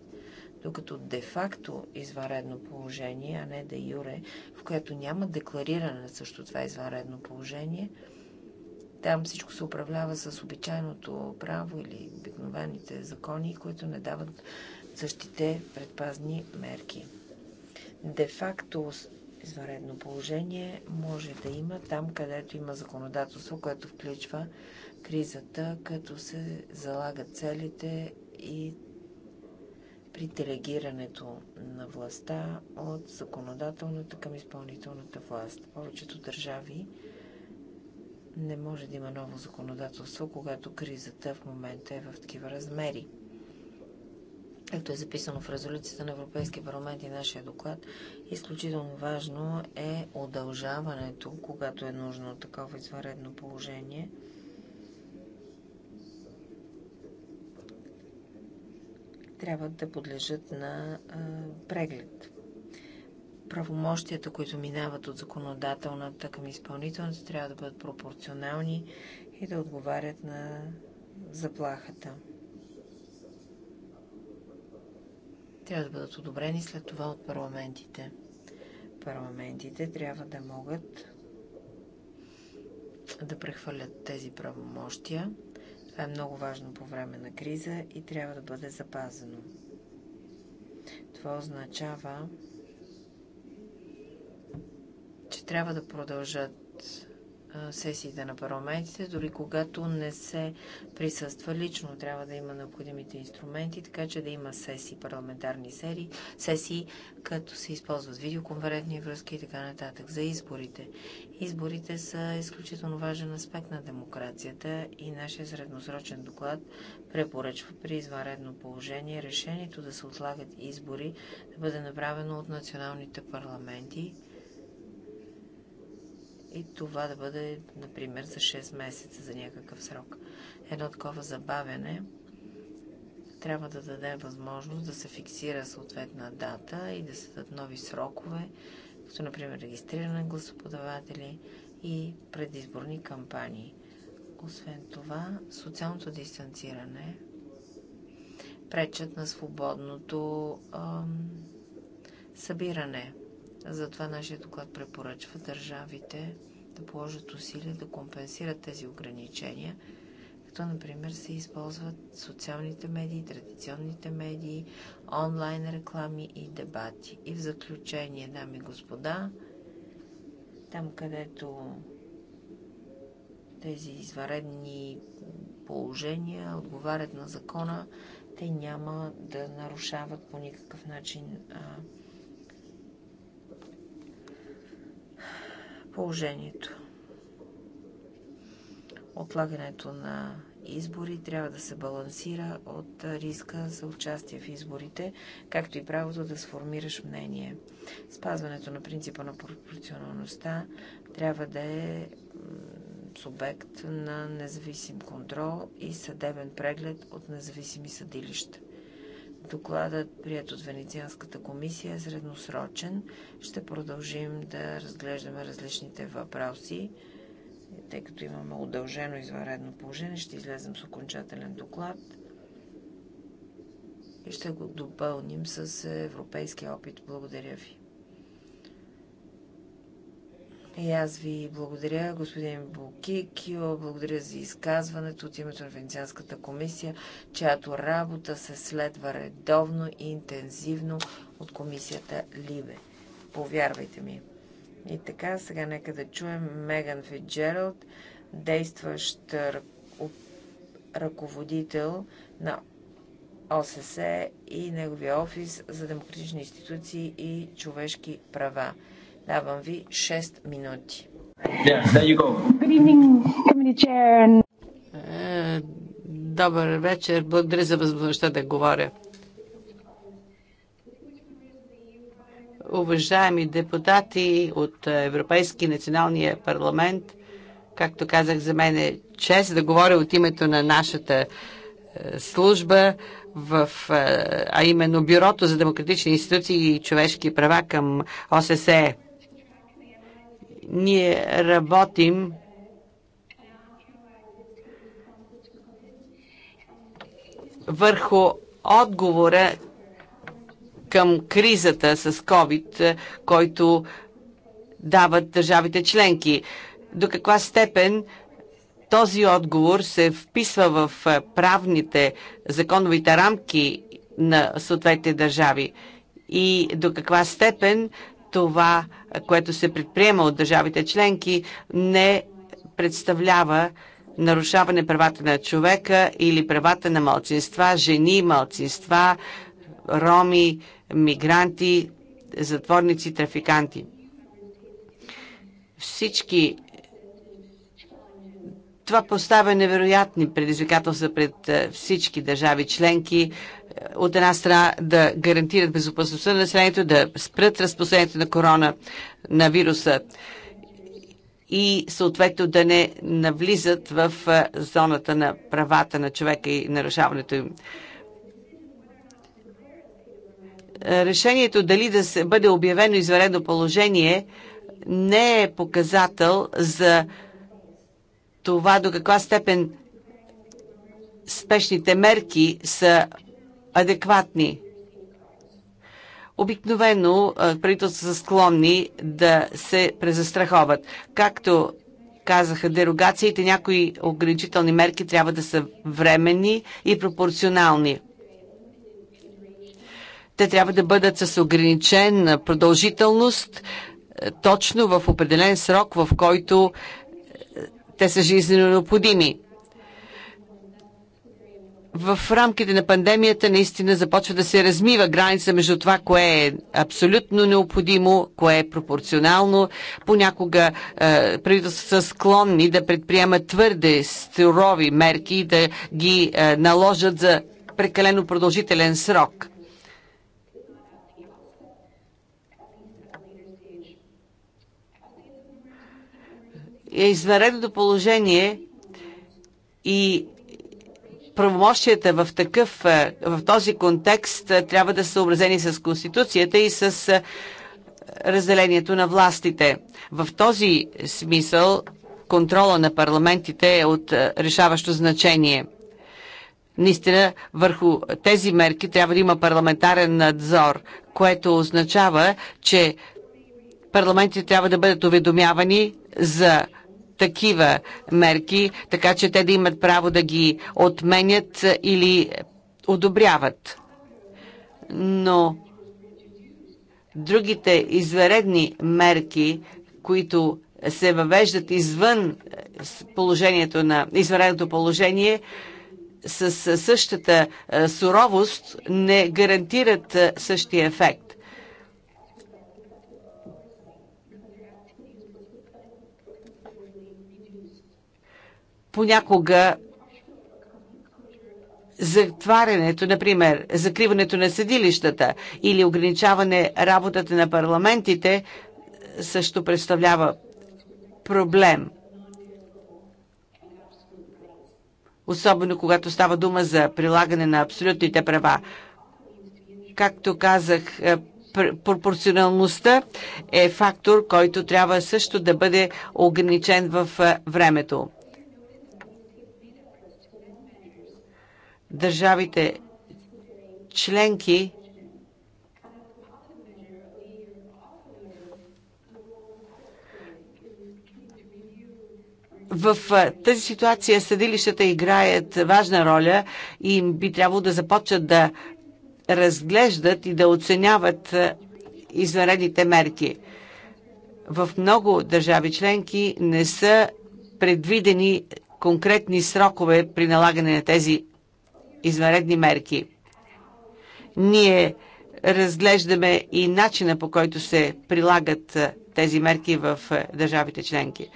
[SPEAKER 1] Докато де-факто извънредно положение, а не де юре, в което няма деклариране на също това извънредно положение, там всичко се управлява с обичайното право или обикновените закони, които не дават същите предпазни мерки де-факто извънредно положение може да има там, където има законодателство, което включва кризата, като се залагат целите и при делегирането на властта от законодателната към изпълнителната власт. Повечето държави не може да има ново законодателство, когато кризата в момента е в такива размери. Както е записано в резолюцията на Европейския парламент и нашия доклад, изключително важно е удължаването, когато е нужно такова извънредно положение, трябва да подлежат на а, преглед. Правомощията, които минават от законодателната към изпълнителната, трябва да бъдат пропорционални и да отговарят на заплахата. трябва да бъдат одобрени след това от парламентите. Парламентите трябва да могат да прехвърлят тези правомощия. Това е много важно по време на криза и трябва да бъде запазено. Това означава, че трябва да продължат сесиите на парламентите, дори когато не се присъства лично. Трябва да има необходимите инструменти, така че да има сесии, парламентарни серии, сесии, като се използват видеоконферентни връзки и така нататък. За изборите. Изборите са изключително важен аспект на демокрацията и нашия средносрочен доклад препоръчва при извънредно положение решението да се отлагат избори да бъде направено от националните парламенти и това да бъде, например, за 6 месеца, за някакъв срок. Едно такова забавяне трябва да даде възможност да се фиксира съответна дата и да се дадат нови срокове, като например регистриране на гласоподаватели и предизборни кампании. Освен това, социалното дистанциране пречат на свободното ам, събиране. Затова нашия доклад препоръчва държавите да положат усилия да компенсират тези ограничения, като например се използват социалните медии, традиционните медии, онлайн реклами и дебати. И в заключение, дами и господа, там където тези изваредни положения отговарят на закона, те няма да нарушават по никакъв начин а, положението. Отлагането на избори трябва да се балансира от риска за участие в изборите, както и правото да сформираш мнение. Спазването на принципа на пропорционалността трябва да е субект на независим контрол и съдебен преглед от независими съдилища. Докладът, прият от Венецианската комисия, е средносрочен. Ще продължим да разглеждаме различните въпроси. Тъй като имаме удължено извънредно положение, ще излезем с окончателен доклад и ще го допълним с европейския опит. Благодаря ви. И аз ви благодаря, господин Букикио, благодаря за изказването от името на Венецианската комисия, чиято работа се следва редовно и интензивно от комисията Либе. Повярвайте ми. И така, сега нека да чуем Меган Фиджералд, действащ ръководител на ОССЕ и неговия офис за демократични институции и човешки права. Давам ви 6 минути. Yeah,
[SPEAKER 2] е, Добър вечер. Благодаря за възможността да говоря. Уважаеми депутати от Европейски националния парламент, както казах, за мен е чест да говоря от името на нашата е, служба, в, е, а именно Бюрото за демократични институции и човешки права към ОССЕ ние работим върху отговора към кризата с COVID, който дават държавите членки. До каква степен този отговор се вписва в правните законовите рамки на съответните държави и до каква степен това което се предприема от държавите членки, не представлява нарушаване правата на човека или правата на малцинства, жени, малцинства, роми, мигранти, затворници, трафиканти. Всички това поставя невероятни предизвикателства пред е, всички държави членки. Е, от една страна да гарантират безопасността на населението, да спрат разпространението на корона, на вируса и съответно да не навлизат в е, зоната на правата на човека и нарушаването им решението дали да се бъде обявено извънредно положение не е показател за това до каква степен спешните мерки са адекватни. Обикновено правителства са склонни да се презастраховат. Както казаха дерогациите, някои ограничителни мерки трябва да са временни и пропорционални. Те трябва да бъдат с ограничен продължителност, точно в определен срок, в който те са жизненно необходими. В рамките на пандемията наистина започва да се размива граница между това, кое е абсолютно необходимо, кое е пропорционално. Понякога е, правителства са склонни да предприемат твърде сурови мерки и да ги е, наложат за прекалено продължителен срок – е извънредното положение и правомощията в, такъв, е, в този контекст е, трябва да са образени с Конституцията и с е, разделението на властите. В този смисъл контрола на парламентите е от решаващо значение. Наистина, върху тези мерки трябва да има парламентарен надзор, което означава, че парламентите трябва да бъдат уведомявани за такива мерки, така че те да имат право да ги отменят или одобряват. Но другите изваредни мерки, които се въвеждат извън положението на извънредното положение, с същата суровост не гарантират същия ефект. понякога затварянето, например, закриването на съдилищата или ограничаване работата на парламентите е, също представлява проблем. Особено когато става дума за прилагане на абсолютните права. Както казах, е, пропорционалността е фактор, който трябва също да бъде ограничен в е, времето. държавите членки в тази ситуация съдилищата играят важна роля и би трябвало да започнат да разглеждат и да оценяват извънредните мерки. В много държави членки не са предвидени конкретни срокове при налагане на тези извънредни мерки. Ние разглеждаме и начина по който се прилагат тези мерки в държавите членки.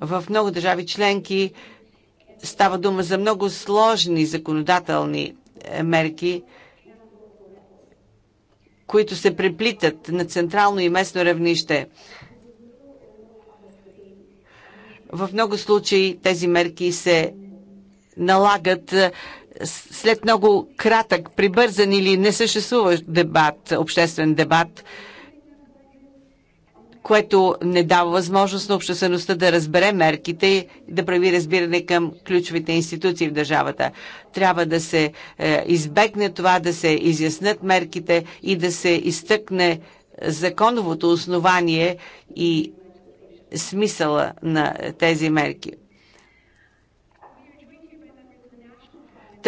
[SPEAKER 2] В много държави членки става дума за много сложни законодателни е, мерки, които се преплитат на централно и местно равнище. В много случаи тези мерки се налагат е, след много кратък, прибързан или несъществуващ дебат, обществен дебат, което не дава възможност на обществеността да разбере мерките и да прави разбиране към ключовите институции в държавата. Трябва да се е, избегне това, да се изяснат мерките и да се изтъкне законовото основание и смисъла на тези мерки.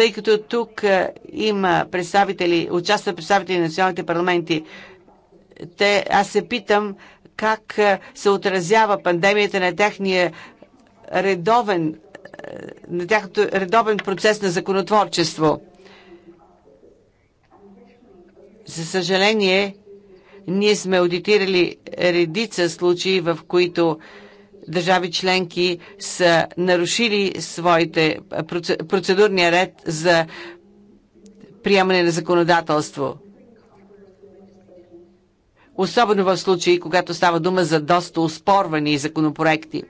[SPEAKER 2] Тъй като тук е, има представители, участват представители на националните парламенти, те, аз се питам как е, се отразява пандемията на техния редовен, е, на тяхното редовен процес на законотворчество. За съжаление, ние сме аудитирали редица случаи, в които държави членки са нарушили своите процедурния ред за приемане на законодателство. Особено в случаи, когато става дума за доста успорвани законопроекти.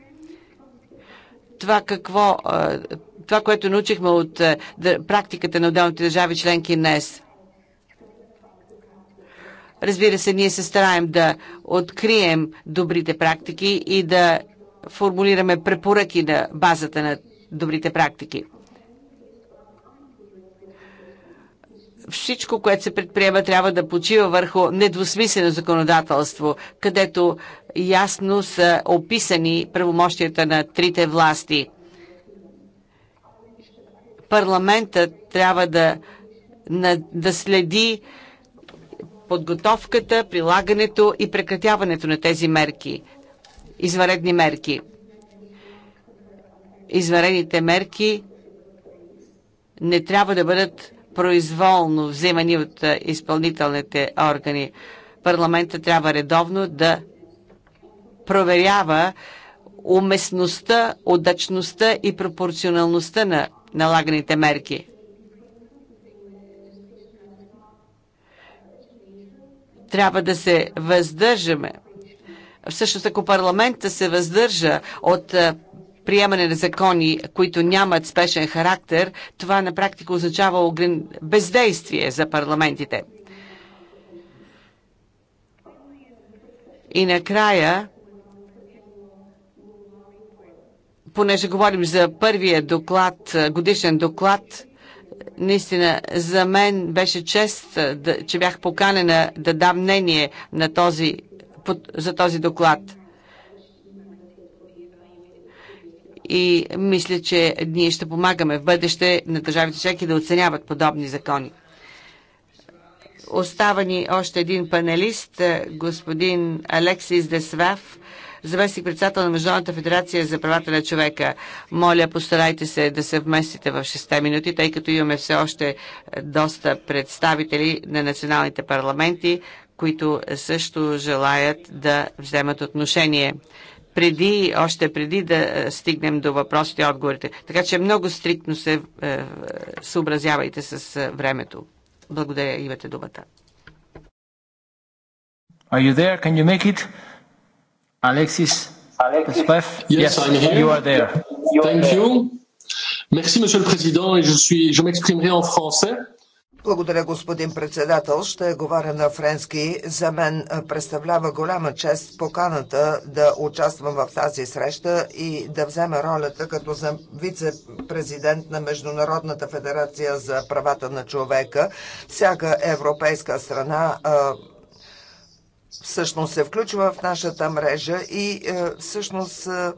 [SPEAKER 2] Това какво, това, което научихме от практиката на отделните държави членки днес. Разбира се, ние се стараем да открием добрите практики и да формулираме препоръки на базата на добрите практики. Всичко, което се предприема, трябва да почива върху недвусмислено законодателство, където ясно са описани правомощията на трите власти. Парламентът трябва да, на, да следи подготовката, прилагането и прекратяването на тези мерки изваредни мерки. Изварените мерки не трябва да бъдат произволно вземани от изпълнителните органи. Парламента трябва редовно да проверява уместността, удачността и пропорционалността на налаганите мерки. Трябва да се въздържаме Всъщност, ако парламента се въздържа от е, приемане на закони, които нямат спешен характер, това на практика означава бездействие за парламентите. И накрая, понеже говорим за първия доклад, е, годишен доклад, наистина за мен беше чест, е, че бях поканена да дам мнение на този за този доклад. И мисля, че ние ще помагаме в бъдеще на държавите членки да оценяват подобни закони. Остава ни още един панелист, е, господин Алексис Десвав, заместник председател на Международната федерация за правата на човека. Моля, постарайте се да се вместите в 6 минути, тъй като имаме все още доста представители на националните парламенти, които също желаят да вземат отношение преди, още преди да е, стигнем до въпросите и отговорите. Така че много стриктно се е, е съобразявайте с е, времето. Благодаря, имате думата.
[SPEAKER 1] Are you there? Can you make it? Alexis
[SPEAKER 2] Alexis? Yes, yes, I'm here. You are there. Thank you. Merci, Monsieur le Président, et je, suis, je m'exprimerai en français.
[SPEAKER 3] Благодаря, господин председател. Ще говоря на френски. За мен представлява голяма чест поканата да участвам в тази среща и да взема ролята като вице-президент на Международната федерация за правата на човека. Всяка европейска страна всъщност се включва в нашата мрежа и е, всъщност е,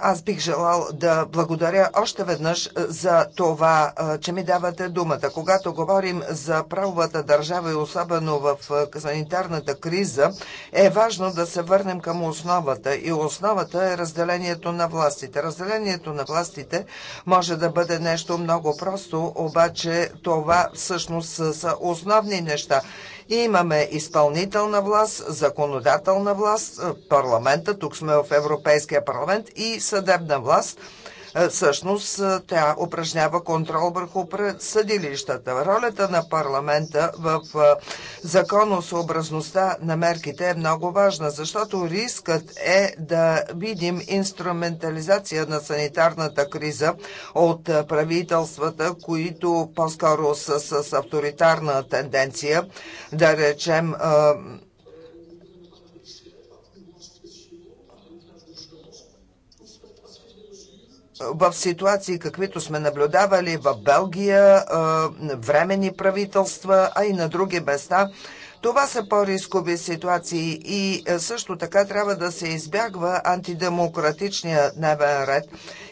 [SPEAKER 3] аз бих желал да благодаря още веднъж за това, че ми давате думата. Когато говорим за правовата държава и особено в санитарната криза, е важно да се върнем към основата. И основата е разделението на властите. Разделението на властите може да бъде нещо много просто, обаче това всъщност са основни неща. И имаме изпълнителна власт, законодателна власт, парламента, тук сме в Европейския парламент и съдебна власт. Всъщност тя упражнява контрол върху съдилищата. Ролята на парламента в законосъобразността на мерките е много важна, защото рискът е да видим инструментализация на санитарната криза от правителствата, които по-скоро са с авторитарна тенденция, да речем в ситуации, каквито сме наблюдавали в Белгия, времени правителства, а и на други места. Това са по-рискови ситуации и също така трябва да се избягва антидемократичния дневен ред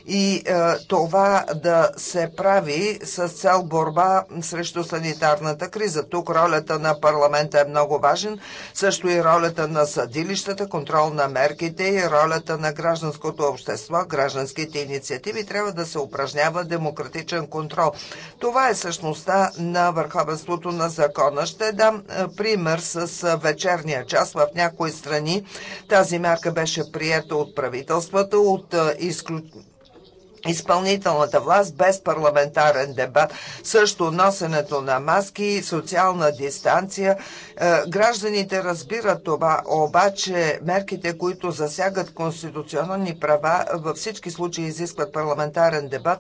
[SPEAKER 3] и е, това да се прави с цел борба срещу санитарната криза. Тук ролята на парламента е много важен, също и ролята на съдилищата, контрол на мерките и ролята на гражданското общество, гражданските инициативи трябва да се упражнява демократичен контрол. Това е същността на върховенството на закона. Ще дам е, пример с е, вечерния час. В някои страни тази мярка беше приета от правителствата, от е, изключително изпълнителната власт без парламентарен дебат, също носенето на маски, социална дистанция. Е, гражданите разбират това, обаче мерките, които засягат конституционни права, във всички случаи изискват парламентарен дебат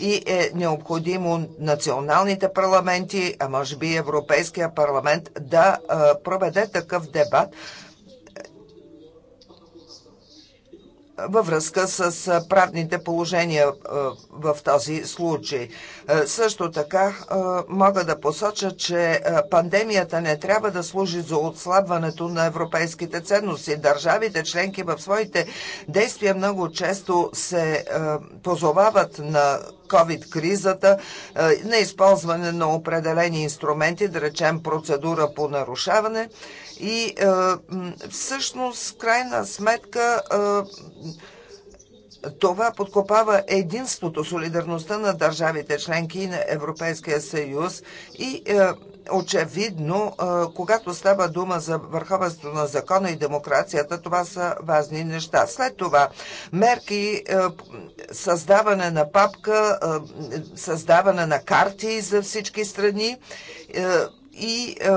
[SPEAKER 3] и е необходимо националните парламенти, а може би Европейския парламент, да е, проведе такъв дебат, във връзка с правните положения в този случай. Също така мога да посоча, че пандемията не трябва да служи за отслабването на европейските ценности. Държавите членки в своите действия много често се позовават на COVID-кризата, на използване на определени инструменти, да речем процедура по нарушаване. И всъщност, в крайна сметка, това подкопава единството, солидарността на държавите членки и на Европейския съюз и е, очевидно, когато става дума за върховенство на закона и демокрацията, това са важни неща. След това мерки, е, създаване на папка, е, създаване на карти за всички страни, и е,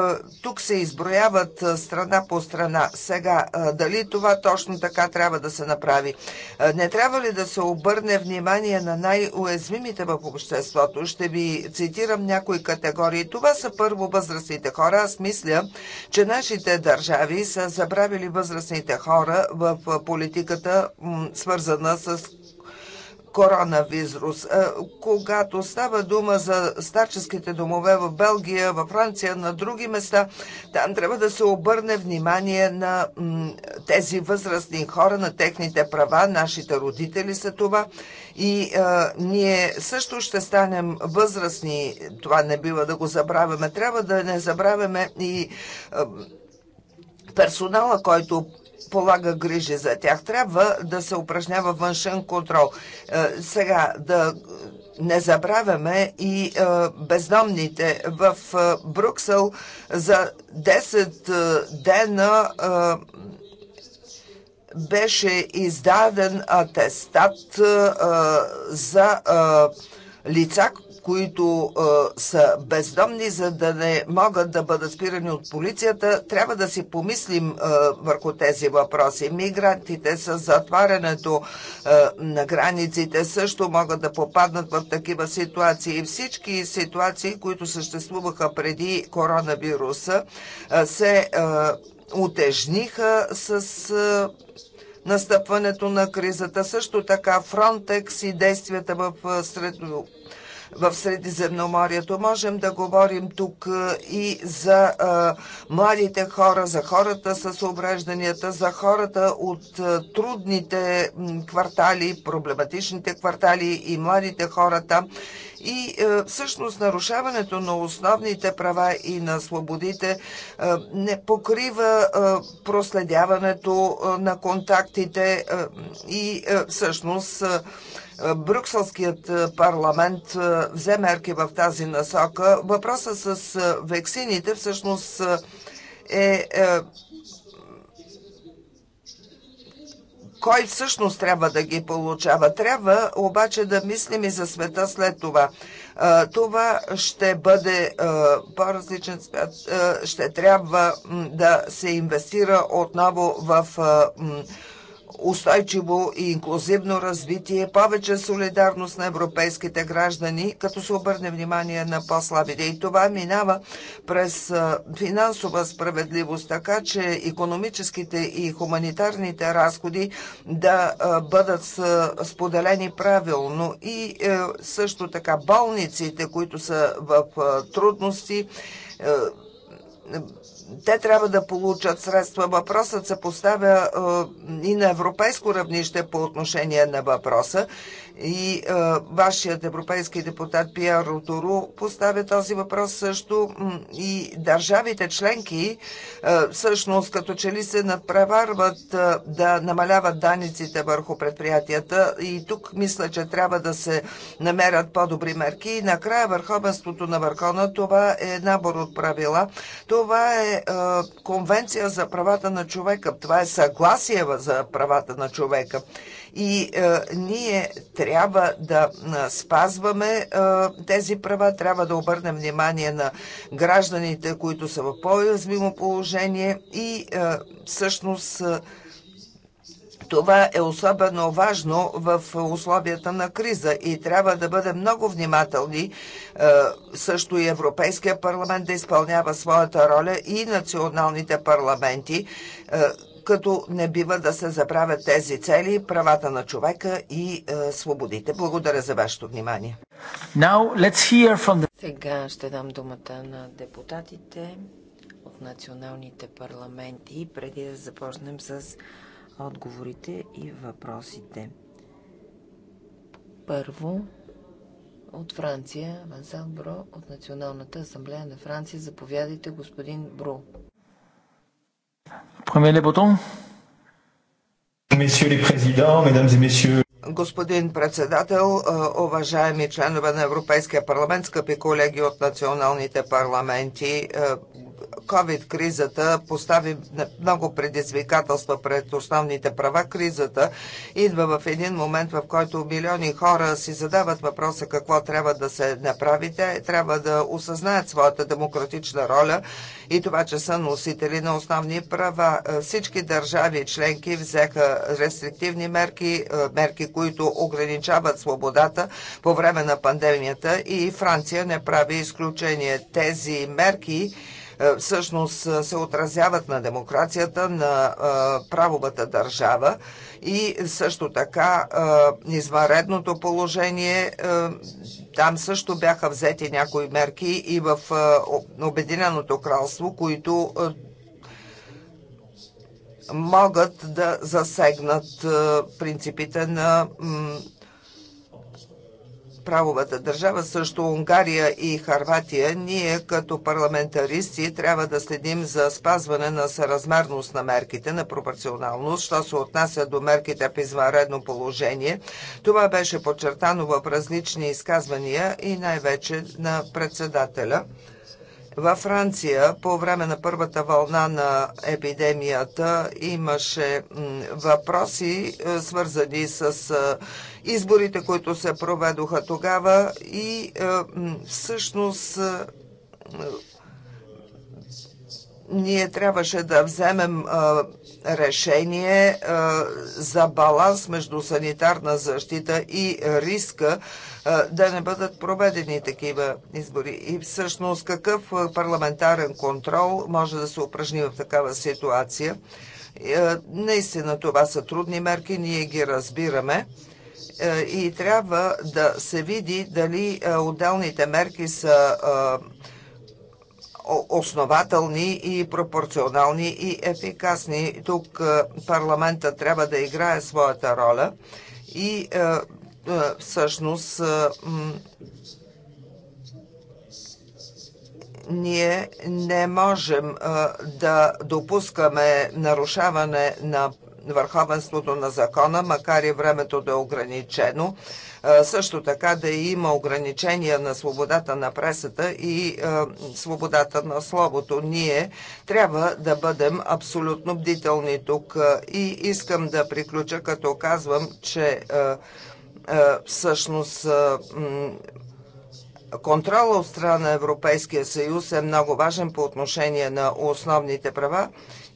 [SPEAKER 3] тук се изброяват е, страна по страна. Сега, е, дали това точно така трябва да се направи? Е, не трябва ли да се обърне внимание на най-уязвимите в обществото? Ще ви цитирам някои категории. Това са първо възрастните хора. Аз мисля, че нашите държави са забравили възрастните хора в е, политиката, свързана с коронавирус. Е, когато става дума за старческите домове в Белгия, във Франция, на други места, там трябва да се обърне внимание на тези възрастни хора, на техните права. Нашите родители са това. И а, е, ние също ще станем възрастни. Това не бива да го забравяме. Трябва да не забравяме и а, е, персонала, който полага грижи за тях. Трябва да се упражнява външен контрол. Е, сега да не забравяме и е, бездомните в е, Бруксел, за 10 дена беше издаден атестат за лица, които а, са бездомни, за да не могат да бъдат спирани от полицията, трябва да си помислим а, върху тези въпроси. Мигрантите с затварянето а, на границите също могат да попаднат в такива ситуации. Всички ситуации, които съществуваха преди коронавируса, се утежниха с настъпването на кризата. Също така Фронтекс и действията в средно в Средиземноморието. Можем да говорим тук и за младите хора, за хората с обрежданията, за хората от трудните квартали, проблематичните квартали и младите хора там. И всъщност нарушаването на основните права и на свободите не покрива проследяването на контактите и всъщност Брюкселският парламент взе мерки в тази насока. Въпросът с вексините всъщност е, е кой всъщност трябва да ги получава. Трябва обаче да мислим и за света след това. Това ще бъде по-различен свят. Ще трябва да се инвестира отново в устойчиво и инклюзивно развитие, повече солидарност на европейските граждани, като се обърне внимание на по-слабите. И това минава през финансова справедливост, така че економическите и хуманитарните разходи да бъдат споделени правилно и е, също така болниците, които са в трудности, е, те трябва да получат средства. Въпросът се поставя е, и на европейско равнище по отношение на въпроса и а, вашият европейски депутат Пиер Ротору поставя този въпрос също и държавите членки а, всъщност като че ли се надпреварват а, да намаляват даниците върху предприятията и тук мисля, че трябва да се намерят по-добри мерки и накрая върховенството на върхона, това е набор от правила, това е а, конвенция за правата на човека, това е съгласие за правата на човека и а, е, ние трябва да спазваме а, е, тези права, трябва да обърнем внимание на гражданите, които са в по-язвимо положение и а, е, всъщност това е особено важно в условията на криза и трябва да бъдем много внимателни. Също и Европейския парламент да изпълнява своята роля и националните парламенти като не бива да се забравят тези цели, правата на човека и е, свободите. Благодаря за вашето внимание.
[SPEAKER 1] Now, let's hear from the... Сега ще дам думата на депутатите от националните парламенти, преди да започнем с отговорите и въпросите. Първо, от Франция, Вансел Бро, от Националната асамблея на Франция. Заповядайте, господин Бро. Premier les boutons. Messieurs les présidents, mesdames et
[SPEAKER 3] messieurs. Господин председател, уважаеми членове на Европейския парламент, скъпи колеги от националните парламенти, COVID-кризата постави много предизвикателства пред основните права. Кризата идва в един момент, в който милиони хора си задават въпроса какво трябва да се направи. Те трябва да осъзнаят своята демократична роля и това, че са носители на основни права. Всички държави членки взеха рестриктивни мерки, мерки, които ограничават свободата по време на пандемията и Франция не прави изключение. Тези мерки е, всъщност е, се отразяват на демокрацията, на е, правовата държава и също така извънредното положение. Там също бяха взети някои мерки и в Обединеното кралство, които могат да засегнат принципите на правовата държава, също Унгария и Харватия, ние като парламентаристи трябва да следим за спазване на съразмерност на мерките, на пропорционалност, що се отнася до мерките в извънредно положение. Това беше подчертано в различни изказвания и най-вече на председателя. Във Франция по време на първата вълна на епидемията имаше въпроси, е, свързани с е, изборите, които се проведоха тогава и е, всъщност ние трябваше да вземем решение за баланс между санитарна защита и риска да не бъдат проведени такива избори. И всъщност какъв парламентарен контрол може да се упражни в такава ситуация? Наистина това са трудни мерки, ние ги разбираме и трябва да се види дали отделните мерки са основателни и пропорционални и ефикасни. Тук парламента трябва да играе своята роля и е, всъщност е, ние не можем е, да допускаме нарушаване на върховенството на закона, макар и времето да е ограничено. Също така да има ограничения на свободата на пресата и свободата на словото. Ние трябва да бъдем абсолютно бдителни тук. И искам да приключа, като казвам, че е, всъщност е, контрола от страна на Европейския съюз е много важен по отношение на основните права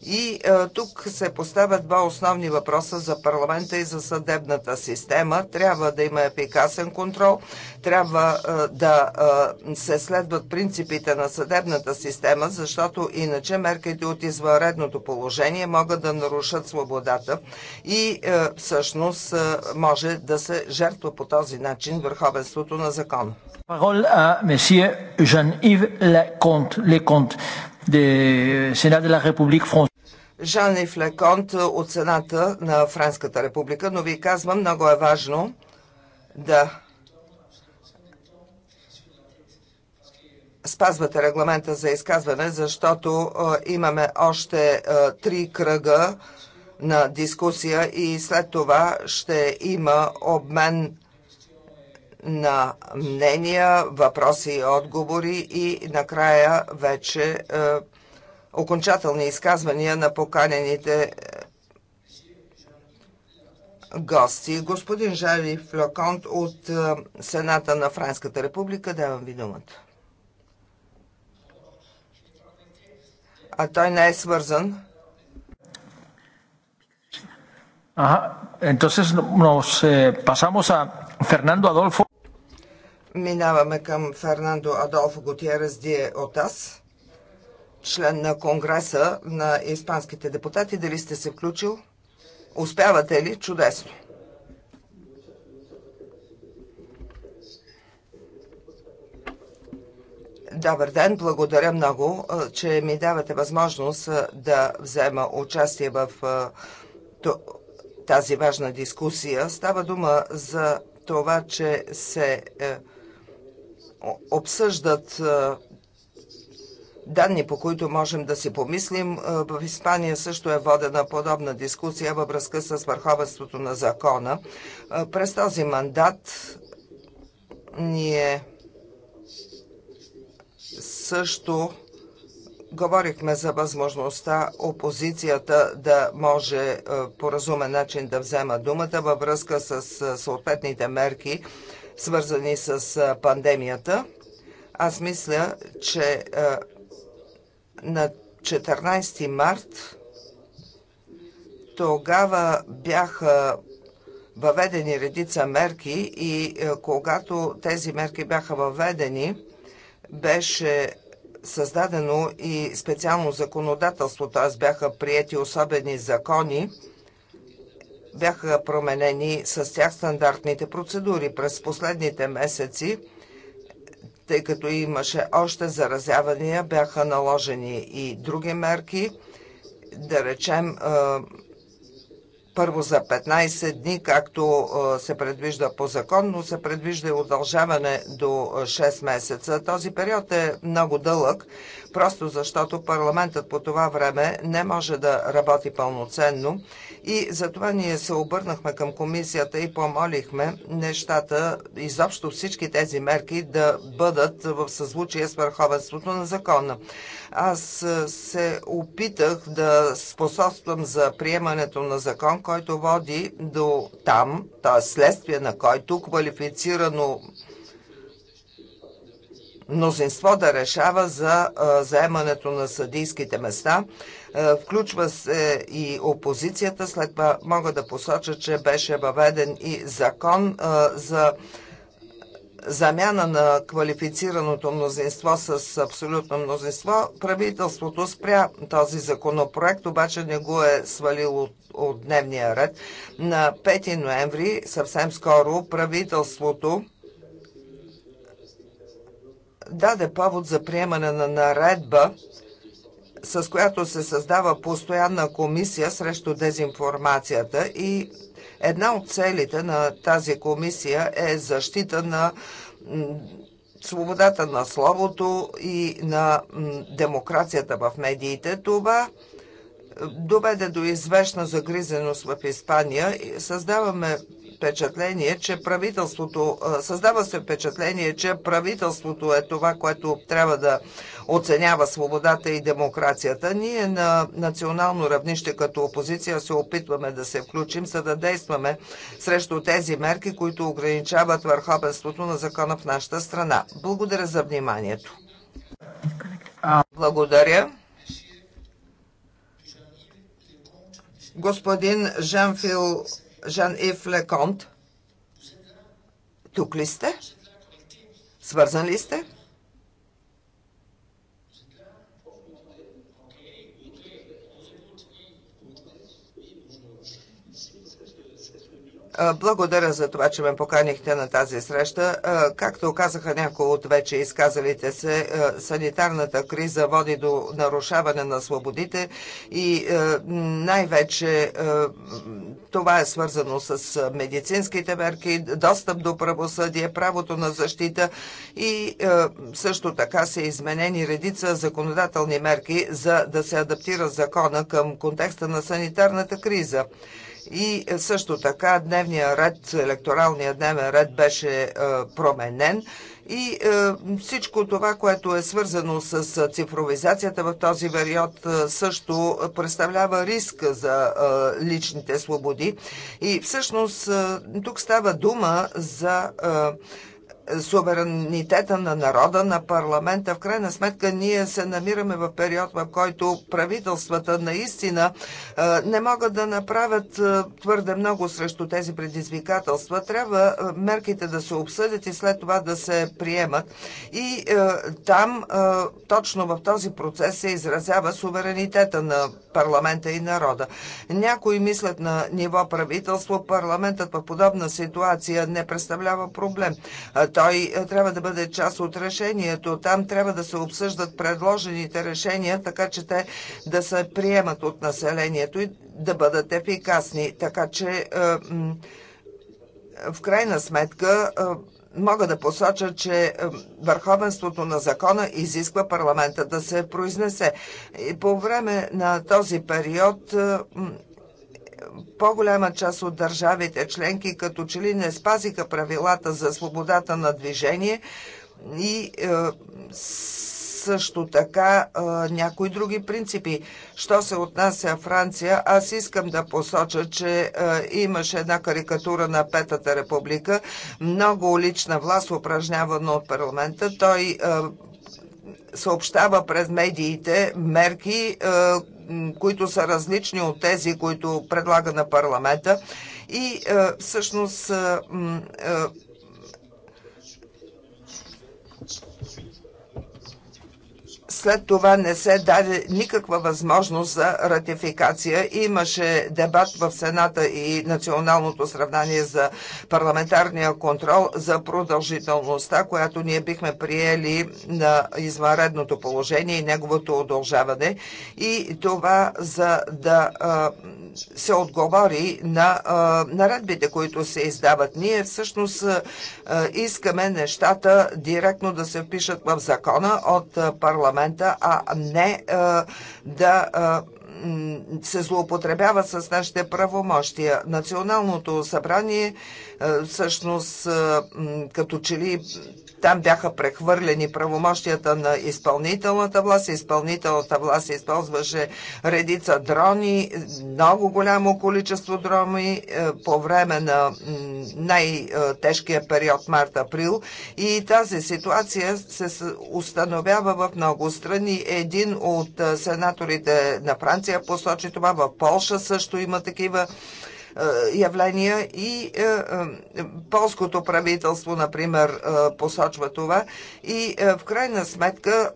[SPEAKER 3] и а, е, тук се поставят два основни въпроса за парламента и за съдебната система. Трябва да има ефикасен контрол, трябва а, е, да а, е, се следват принципите на съдебната система, защото иначе мерките от извънредното положение могат да нарушат свободата и а, всъщност а, може да се жертва по този начин върховенството на закон. Парол а
[SPEAKER 1] месие Жан-Ив Леконт, Леконт de Sénat de
[SPEAKER 3] Жан Ив Леконт е, от Сената на Франската република, но ви казвам, много е важно да спазвате регламента за изказване, защото е, имаме още е, три кръга на дискусия и след това ще има обмен на мнения, въпроси и отговори и накрая вече окончателни изказвания на поканените е, гости. Господин Жари Флоконт от е, Сената на Франската република, давам ви думата. А той не е свързан.
[SPEAKER 1] Ага, entonces nos eh, pasamos a Fernando Adolfo.
[SPEAKER 3] Минаваме към Фернандо Адолфо Готиерес Дие от аз член на Конгреса на испанските депутати. Дали сте се включил? Успявате ли? Чудесно. Добър ден, благодаря много, че ми давате възможност да взема участие в тази важна дискусия. Става дума за това, че се е, обсъждат данни, по които можем да си помислим. Е, в Испания също е водена подобна дискусия във връзка с върховенството на закона. Е, през този мандат ние също говорихме за възможността опозицията да може е, по разумен начин да взема думата във връзка с съответните мерки, свързани с пандемията. Аз мисля, че на 14 март. Тогава бяха въведени редица мерки и е, когато тези мерки бяха въведени, беше създадено и специално законодателство, т.е. бяха приети особени закони, бяха променени с тях стандартните процедури. През последните месеци тъй като имаше още заразявания, бяха наложени и други мерки, да речем първо за 15 дни, както се предвижда по закон, но се предвижда и удължаване до 6 месеца. Този период е много дълъг, просто защото парламентът по това време не може да работи пълноценно и затова ние се обърнахме към комисията и помолихме нещата, изобщо всички тези мерки да бъдат в съзвучие с върховенството на закона. Аз се опитах да способствам за приемането на закон, който води до там, т.е. следствие на който квалифицирано мнозинство да решава за заемането на съдийските места. Включва се и опозицията. След това мога да посоча, че беше въведен и закон за замяна на квалифицираното мнозинство с абсолютно мнозинство. Правителството спря този законопроект, обаче не го е свалило от, от дневния ред. На 5 ноември, съвсем скоро, правителството даде повод за приемане на наредба, с която се създава постоянна комисия срещу дезинформацията и една от целите на тази комисия е защита на свободата на словото и на демокрацията в медиите. Това доведе до известна загризеност в Испания. Създаваме впечатление, че правителството, създава се впечатление, че правителството е това, което трябва да оценява свободата и демокрацията. Ние на национално равнище като опозиция се опитваме да се включим, за да действаме срещу тези мерки, които ограничават върховенството на закона в нашата страна. Благодаря за вниманието. Благодаря. Господин Жанфил Жан-Ив Леконт. Тук ли сте? Свързан ли сте? Благодаря за това, че ме поканихте на тази среща. Както казаха някои от вече изказалите се, санитарната криза води до нарушаване на свободите и най-вече това е свързано с медицинските мерки, достъп до правосъдие, правото на защита и също така са изменени редица законодателни мерки, за да се адаптира закона към контекста на санитарната криза. И е, също така дневния ред, електоралния дневен ред беше е, променен. И е, всичко това, което е свързано с цифровизацията в този период, също представлява риск за личните свободи. И всъщност тук става дума за суверенитета на народа, на парламента. В крайна сметка ние се намираме в период, в който правителствата наистина не могат да направят твърде много срещу тези предизвикателства. Трябва мерките да се обсъдят и след това да се приемат. И там, точно в този процес се изразява суверенитета на парламента и народа. Някои мислят на ниво правителство, парламентът в подобна ситуация не представлява проблем. Той е, трябва да бъде част от решението. Там трябва да се обсъждат предложените решения, така че те да се приемат от населението и да бъдат ефикасни. Така че е, в крайна сметка е, мога да посоча, че върховенството на закона изисква парламента да се произнесе. И по време на този период по-голяма част от държавите членки като че ли не спазиха правилата за свободата на движение и е, също така е, някои други принципи. Що се отнася Франция, аз искам да посоча, че е, имаше една карикатура на Петата република, много лична власт упражнявана от парламента. Той съобщава през медиите мерки, е, които са различни от тези, които предлага на парламента. И е, всъщност е, След това не се даде никаква възможност за ратификация. Имаше дебат в Сената и националното сравнание за парламентарния контрол за продължителността, която ние бихме приели на извънредното положение и неговото удължаване. И това за да се отговори на наредбите, които се издават. Ние всъщност искаме нещата директно да се впишат в закона от парламент парламента, а не да се злоупотребява с нашите правомощия. Националното събрание всъщност като че ли там бяха прехвърлени правомощията на изпълнителната власт. Изпълнителната власт използваше редица дрони, много голямо количество дрони е, по време на най-тежкия период март-април. И тази ситуация се установява в много страни. Един от е, сенаторите на Франция посочи това. В Полша също има такива е, явления и е, е, полското правителство, например, посочва това и в крайна сметка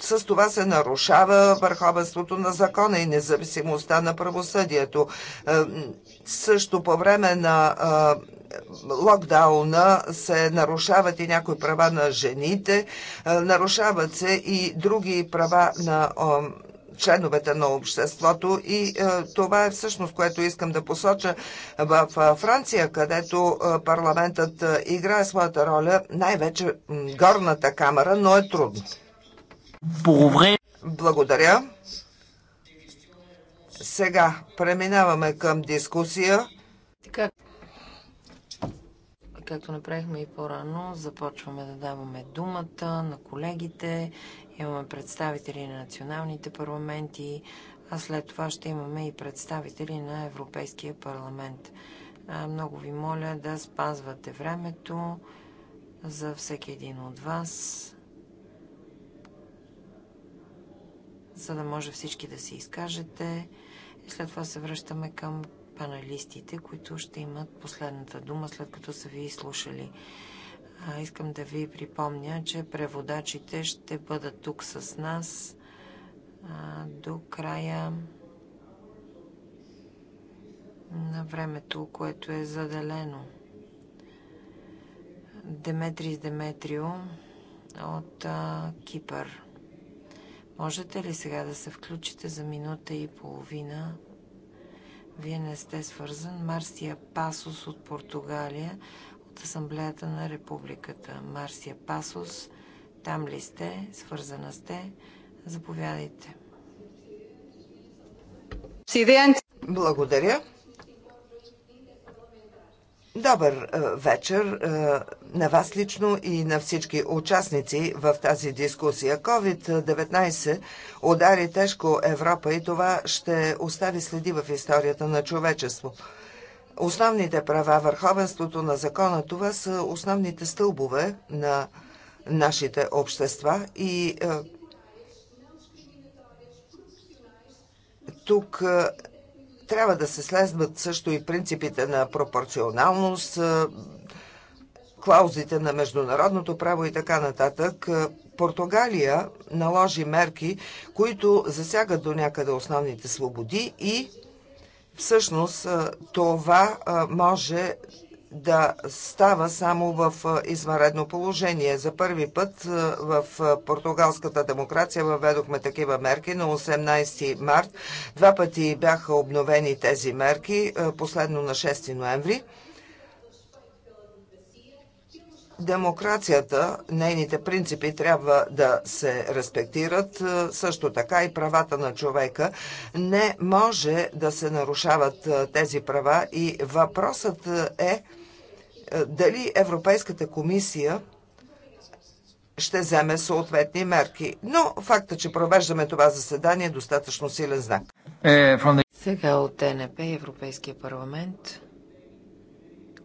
[SPEAKER 3] с това се нарушава върховенството на закона и независимостта на правосъдието. Също по време на локдауна се нарушават и някои права на жените, нарушават се и други права на членовете на обществото. И е, това е всъщност, което искам да посоча в е, Франция, където е, парламентът играе своята роля, най-вече горната камера, но е трудно. Благодаря. Сега преминаваме към дискусия. Как... Както
[SPEAKER 1] направихме и по-рано, започваме да даваме думата на колегите Имаме представители на националните парламенти, а след това ще имаме и представители на Европейския парламент. Много ви моля да спазвате времето за всеки един от вас, за да може всички да се изкажете. И след това се връщаме към панелистите, които ще имат последната дума, след като са ви изслушали. слушали. А, искам да ви припомня, че преводачите ще бъдат тук с нас а, до края на времето, което е заделено. Деметрис Деметрио от а, Кипър. Можете ли сега да се включите за минута и половина? Вие не сте свързан. Марсия Пасос от Португалия от Асамблеята на Републиката. Марсия Пасос, там ли сте, свързана сте, заповядайте.
[SPEAKER 3] Благодаря. Добър е, вечер е, на вас лично и на всички участници в тази дискусия. COVID-19 удари тежко Европа и това ще остави следи в историята на човечеството. Основните права, върховенството на закона, това са основните стълбове на нашите общества и е, тук е, трябва да се следват също и принципите на пропорционалност, е, клаузите на международното право и така нататък. Португалия наложи мерки, които засягат до някъде основните свободи и Всъщност това може да става само в извънредно положение. За първи път в португалската демокрация въведохме такива мерки на 18 март. Два пъти бяха обновени тези мерки, последно на 6 ноември. Демокрацията, нейните принципи трябва да се респектират, е, също така и правата на човека. Не може да се нарушават е, тези права и въпросът е, е дали Европейската комисия ще вземе съответни мерки. Но факта, че провеждаме това заседание е достатъчно силен знак.
[SPEAKER 1] Сега от ТНП Европейския парламент.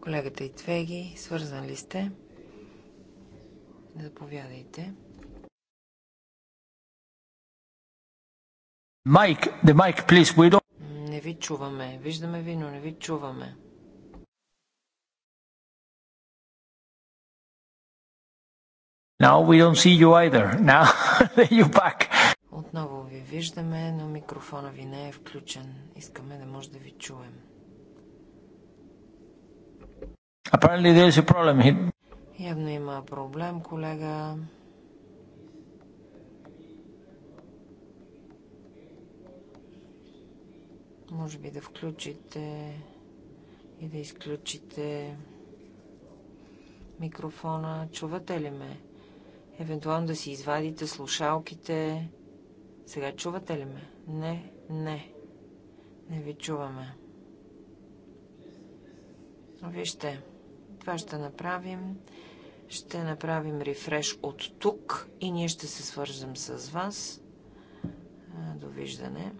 [SPEAKER 1] Колегата
[SPEAKER 3] Итвеги, свързан ли сте? Заповядайте.
[SPEAKER 1] Майк, the mic, please, we don't... Не ви чуваме. Виждаме ви, но не ви чуваме.
[SPEAKER 2] Now we don't see you either. Now *laughs* you back.
[SPEAKER 1] Отново ви виждаме, но микрофона ви не е включен. Искаме да може да ви чуем. Apparently there is a problem. Явно има проблем, колега. Може би да включите и да изключите микрофона. Чувате ли ме? Евентуално да си извадите слушалките. Сега чувате ли ме? Не, не. Не ви чуваме. Вижте, това ще направим. Ще направим рефреш от тук и ние ще се свържем с вас. Довиждане.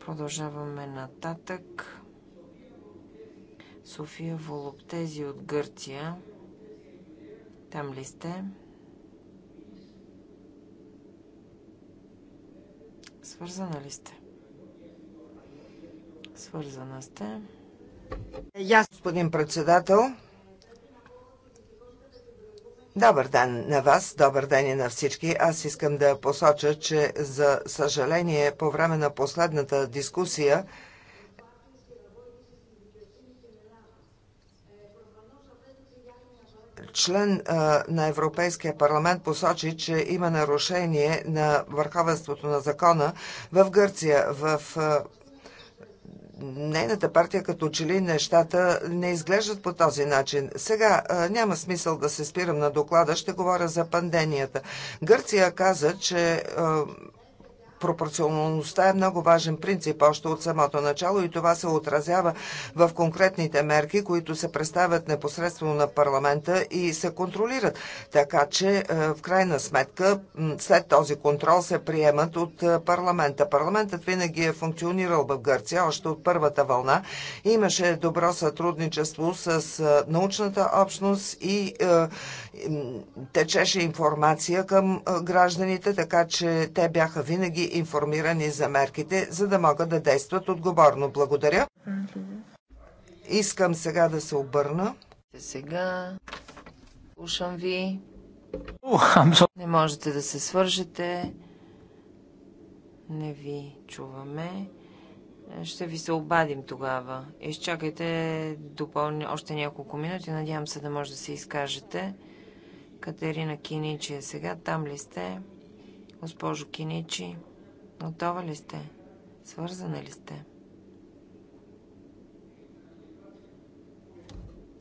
[SPEAKER 1] Продължаваме нататък. София Волоптези от Гърция. Там ли сте? Свързана ли сте? Свързана сте.
[SPEAKER 3] Я, е, господин председател. Добър ден на вас, добър ден и на всички. Аз искам да посоча, че за съжаление по време на последната дискусия член а, на Европейския парламент посочи, че има нарушение на върховенството на закона в Гърция. В а, нейната партия като че ли нещата не изглеждат по този начин. Сега няма смисъл да се спирам на доклада, ще говоря за пандемията. Гърция каза, че пропорционалността е много важен принцип още от самото начало и това се отразява в конкретните мерки, които се представят непосредствено на парламента и се контролират. Така че, е, в крайна сметка, след този контрол се приемат от е, парламента. Парламентът винаги е функционирал в Гърция още от първата вълна. Имаше добро сътрудничество с е, научната общност и течеше информация към гражданите, така че те бяха винаги информирани за мерките, за да могат да действат отговорно. Благодаря. Искам сега да се обърна. Сега слушам ви. Не можете да се свържете.
[SPEAKER 1] Не ви чуваме. Ще ви се обадим тогава. Изчакайте допълни още няколко минути. Надявам се да може да се изкажете. Катерина Киничи е сега. Там ли сте? Госпожо Киничи, готова ли сте? Свързана ли сте?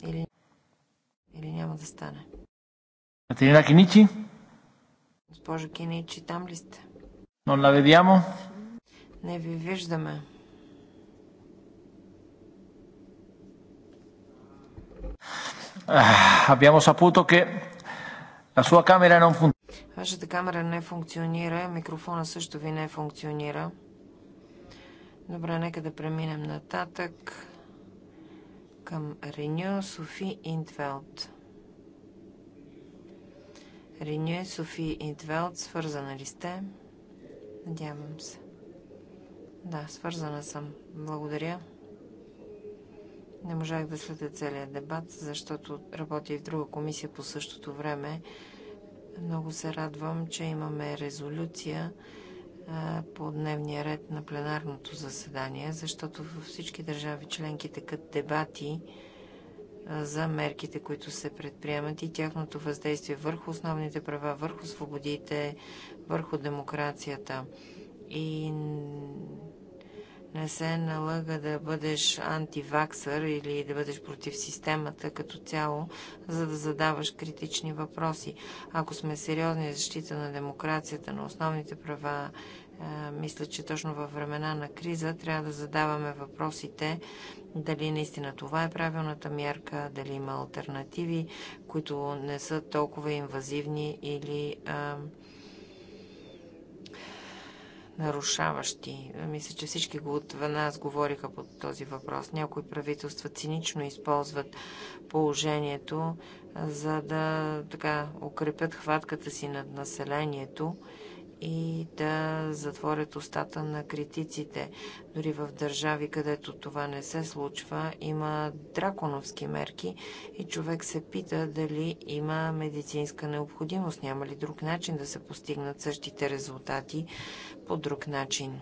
[SPEAKER 1] Или, или няма да стане? Катерина Киничи? Госпожо Киничи, там ли сте? Но ла ведямо? Не ви виждаме. abbiamo saputo che La sua camera non funziona. Вашата камера не функционира, микрофона също ви не функционира. Добре, нека да преминем нататък към Реню Софи Интвелт. Реню Софи Интвелт, свързана ли сте? Надявам се. Да, свързана съм. Благодаря. Не можах да следя целият дебат, защото работя и в друга комисия по същото време. Много се радвам, че имаме резолюция по дневния ред на пленарното заседание, защото във всички държави членки такът дебати за мерките, които се предприемат и тяхното въздействие върху основните права, върху свободите, върху демокрацията. И не се налага да бъдеш антиваксър или да бъдеш против системата като цяло, за да задаваш критични въпроси. Ако сме сериозни за защита на демокрацията, на основните права, е, мисля, че точно във времена на криза трябва да задаваме въпросите дали наистина това е правилната мярка, дали има альтернативи, които не са толкова инвазивни или а, е, нарушаващи. Мисля, че всички от нас говориха по този въпрос. Някои правителства цинично използват положението, за да така, укрепят хватката си над населението и да затворят устата на критиците. Дори в държави, където това не се случва, има драконовски мерки и човек се пита дали има медицинска необходимост, няма ли друг начин да се постигнат същите резултати по друг начин.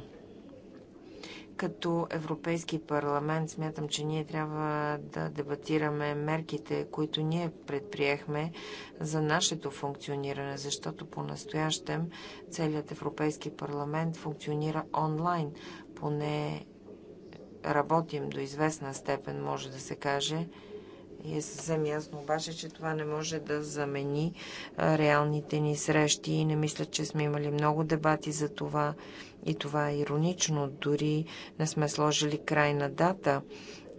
[SPEAKER 1] Като Европейски парламент смятам, че ние трябва да дебатираме мерките, които ние предприехме за нашето функциониране, защото по-настоящем целият Европейски парламент функционира онлайн, поне работим до известна степен, може да се каже, и е съвсем ясно обаче, че това не може да замени реалните ни срещи и не мисля, че сме имали много дебати за това. И това е иронично. Дори не сме сложили крайна дата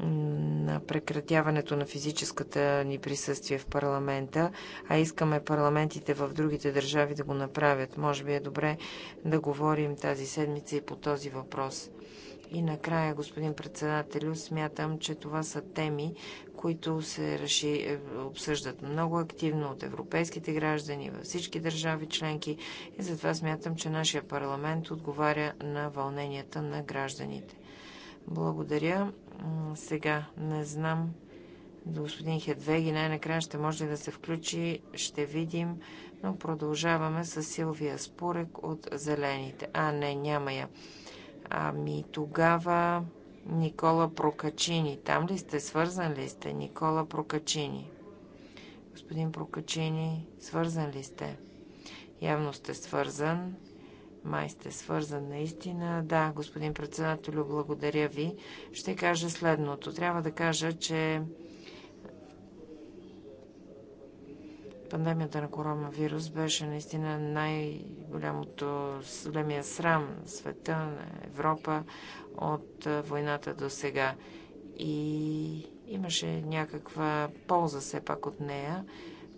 [SPEAKER 1] на прекратяването на физическата ни присъствие в парламента, а искаме парламентите в другите държави да го направят. Може би е добре да говорим тази седмица и по този въпрос. И накрая, господин председателю, смятам, че това са теми, които се реши, е, обсъждат много активно от европейските граждани във всички държави членки и затова смятам, че нашия парламент отговаря на вълненията на гражданите. Благодаря. Сега не знам до господин Хедвеги най-накрая ще може да се включи, ще видим, но продължаваме с Силвия Спорек от Зелените. А, не, няма я. Ами тогава Никола Прокачини. Там ли сте? Свързан ли сте? Никола Прокачини. Господин Прокачини, свързан ли сте? Явно сте свързан. Май сте свързан наистина. Да, господин председател, благодаря ви. Ще кажа следното. Трябва да кажа, че пандемията на коронавирус беше наистина най-голямото големия срам в света, на Европа от войната до сега. И имаше някаква полза все пак от нея,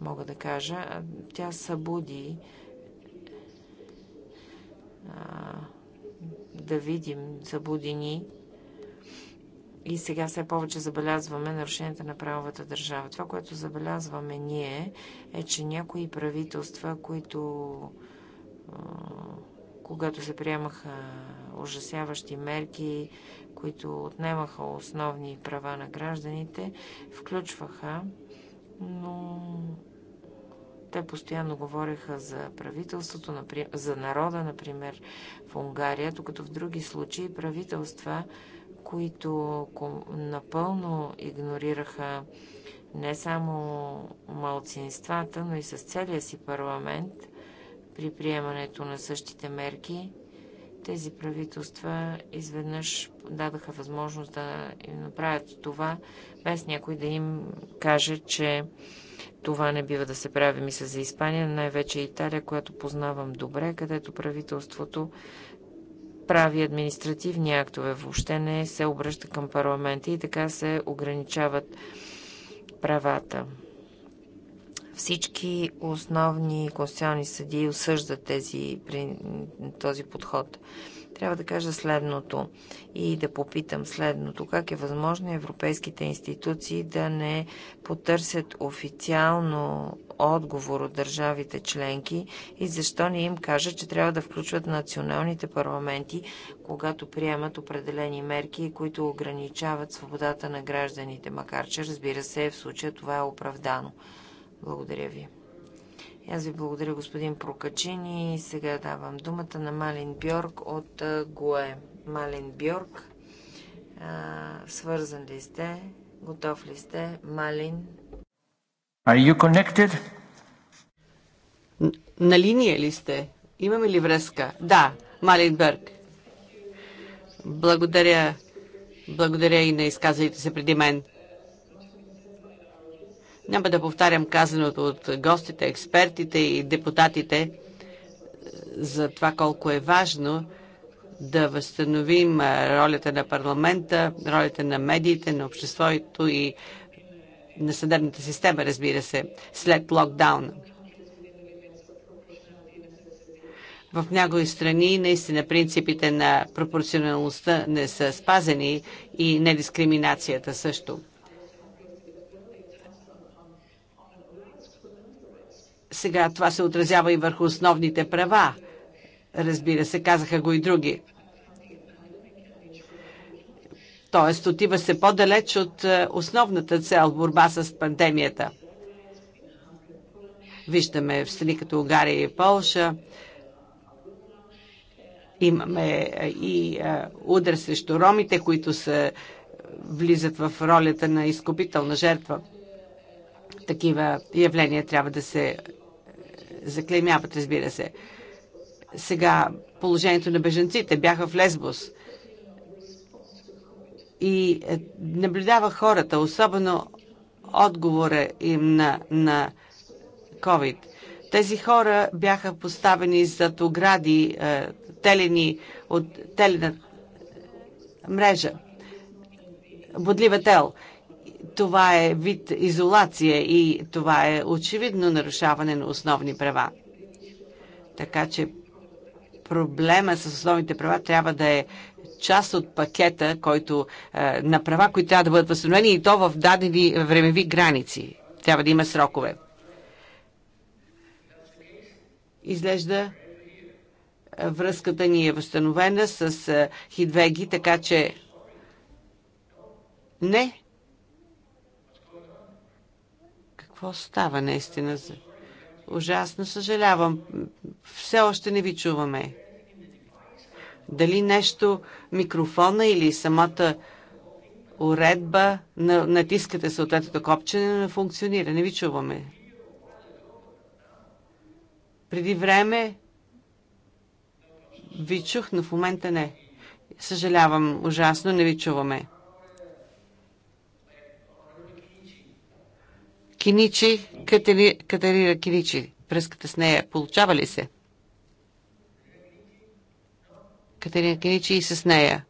[SPEAKER 1] мога да кажа. Тя събуди а, да видим, събуди ни и сега все повече забелязваме нарушенията на правовата държава. Това, което забелязваме ние, е, че някои правителства, които когато се приемаха ужасяващи мерки, които отнемаха основни права на гражданите, включваха, но те постоянно говореха за правителството, за народа, например, в Унгария, докато в други случаи правителства които напълно игнорираха не само малцинствата, но и с целия си парламент при приемането на същите мерки. Тези правителства изведнъж дадаха възможност да им направят това, без някой да им каже, че това не бива да се прави. Мисля за Испания, най-вече Италия, която познавам добре, където правителството прави административни актове, въобще не се обръща към парламента и така се ограничават правата. Всички основни конституционни съдии осъждат тези, при, този подход. Трябва да кажа следното и да попитам следното. Как е възможно европейските институции да не потърсят официално отговор от държавите членки и защо не им кажа, че трябва да включват националните парламенти, когато приемат определени мерки, които ограничават свободата на гражданите, макар че, разбира се, в случая това е оправдано. Благодаря ви. Аз ви благодаря, господин Прокачин, и сега давам думата на Малин Бьорк от ГОЕ. Малин Бьорк, свързан ли сте? Готов ли сте? Малин Are you connected?
[SPEAKER 2] На линия ли сте? Имаме ли връзка? Да, Малинберг. Благодаря. Благодаря и на изказалите се преди мен. Няма да повтарям казаното от гостите, експертите и депутатите е, за това колко е важно да възстановим е, ролята на парламента, ролята на медиите, на обществото и на съдебната система, разбира се, след локдаун. В някои страни наистина принципите на пропорционалността не са спазени и недискриминацията също. Сега това се отразява и върху основните права. Разбира се, казаха го и други. Т.е отива се по-далеч от е, основната цел борба с пандемията. Виждаме в страни като Угария и Полша, имаме е, и е, удар срещу ромите, които са, влизат в ролята на изкупителна жертва. Такива явления трябва да се заклеймяват, разбира се. Сега положението на беженците бяха в Лесбос и е, наблюдава хората, особено отговора им на, на COVID. Тези хора бяха поставени зад огради, е, телени от телена мрежа, бодлива тел. Това е вид изолация и това е очевидно нарушаване на основни права. Така че проблема с основните права трябва да е част от пакета, който е, на права, които трябва да бъдат възстановени и то в дадени времеви граници. Трябва да има срокове. Изглежда е, връзката ни е възстановена с е, Хидвеги, така че не. Какво става наистина? Ужасно съжалявам. Все още не ви чуваме. Дали нещо, микрофона или самата уредба, натискате съответното копче, не функционира. Не ви чуваме. Преди време ви чух, но в момента не. Съжалявам, ужасно не ви чуваме. Киничи, Катерина Катерира Киничи, връзката с нея, получава ли се? Катерина Киничи и с нея.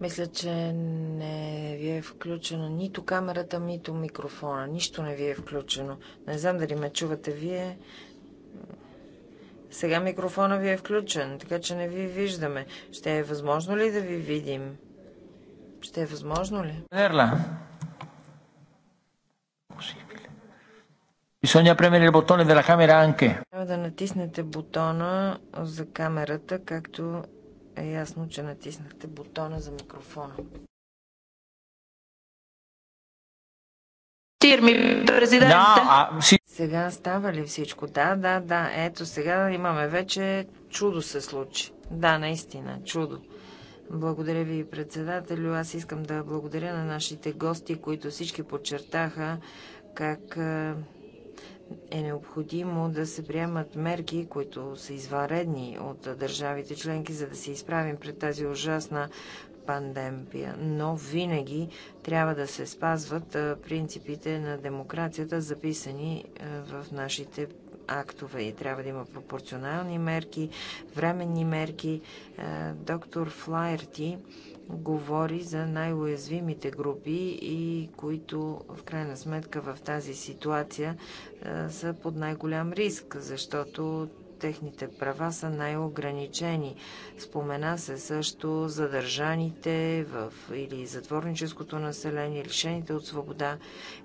[SPEAKER 1] Мисля, че не ви е включено нито камерата, нито микрофона. Нищо не ви е включено. Не знам дали ме чувате вие. Сега микрофона ви е включен, така че не ви виждаме. Ще е възможно ли да ви видим? Ще е възможно ли? Ерла. Possibile. Bisogna premere il bottone della camera anche. Трябва да натиснете бутона за камерата, както е ясно, че натиснахте бутона за микрофона. Тирми, президент. Да, а, Сега става ли всичко? Да, да, да. Ето сега имаме вече чудо се случи. Да, наистина, чудо. Благодаря ви, председателю. Аз искам да благодаря на нашите гости, които всички подчертаха как е, е необходимо да се приемат мерки, които са извънредни от държавите членки, за да се изправим пред тази ужасна пандемия. Но винаги трябва да се спазват принципите на демокрацията, записани в нашите актове и трябва да има пропорционални мерки, временни мерки. Доктор Флайерти говори за най-уязвимите групи и които в крайна сметка в тази ситуация са под най-голям риск, защото техните права са най-ограничени. Спомена се също задържаните в, или затворническото население, лишените от свобода.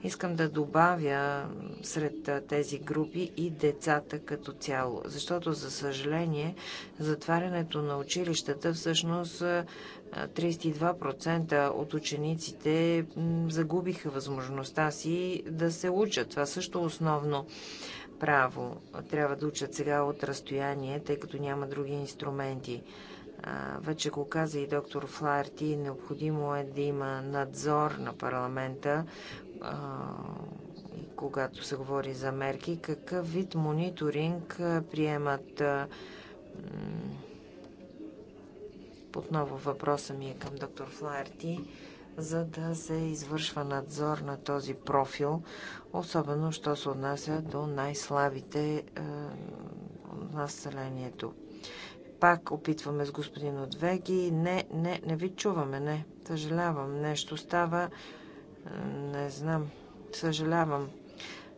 [SPEAKER 1] Искам да добавя сред тези групи и децата като цяло, защото за съжаление затварянето на училищата всъщност 32% от учениците загубиха възможността си да се учат. Това също е основно право. Трябва да учат сега от разстояние, тъй като няма други инструменти. Вече го каза и доктор Фларти, необходимо е да има надзор на парламента, когато се говори за мерки, какъв вид мониторинг приемат отново въпроса ми е към доктор Флаерти, за да се извършва надзор на този профил, особено, що се отнася до най-слабите е, населението. Пак опитваме с господин Отвеги. Не, не, не ви чуваме, не. Съжалявам, нещо става. Е, не знам. Съжалявам.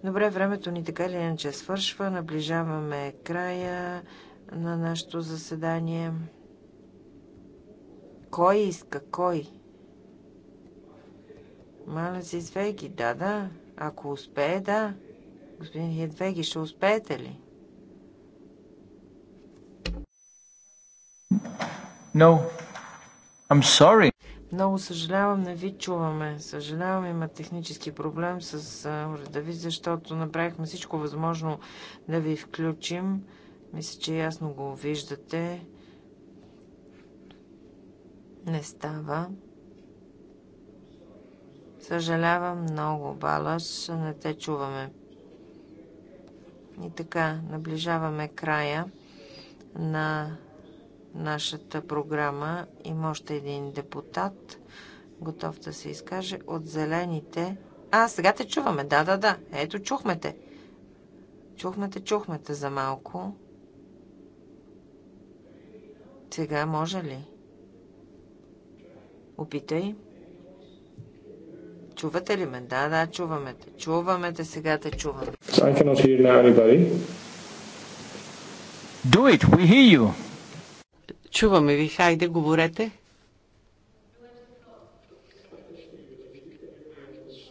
[SPEAKER 1] Добре, времето ни така или иначе свършва. Наближаваме края на нашето заседание. Кой иска? Кой? Маля си Звеги, да, да. Ако успее, да. Господин Хедвеги, ще успеете ли? No. I'm sorry. Много съжалявам, не ви чуваме. Съжалявам, има технически проблем с уреда ви, защото направихме всичко възможно да ви включим. Мисля, че ясно го виждате. Не става. Съжалявам много, Балаш, не те чуваме. И така, наближаваме края на нашата програма. Има още един депутат, готов да се изкаже от зелените. А, сега те чуваме. Да, да, да. Ето, чухме те. Чухме те, чухме те за малко. Сега може ли? Опитай. Чувате ли ме? Да, да, чуваме те. Чуваме те, сега те чуваме.
[SPEAKER 3] I cannot hear now anybody.
[SPEAKER 2] Do it, we hear you. Чуваме ви, хайде, говорете.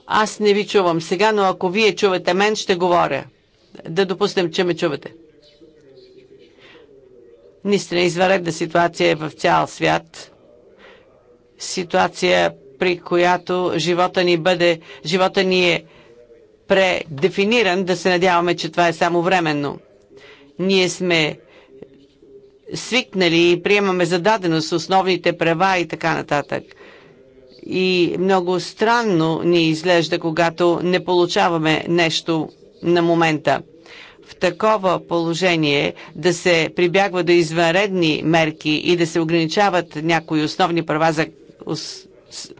[SPEAKER 2] Аз не ви чувам сега, но ако вие чувате мен, ще говоря. Да допуснем, че ме чувате. Нистина, изваредна ситуация е в цял свят ситуация, при която живота ни бъде, живота ни е предефиниран, да се надяваме, че това е само временно. Ние сме свикнали и приемаме зададеност основните права и така нататък. И много странно ни изглежда, когато не получаваме нещо на момента. В такова положение да се прибягва до извънредни мерки и да се ограничават някои основни права, за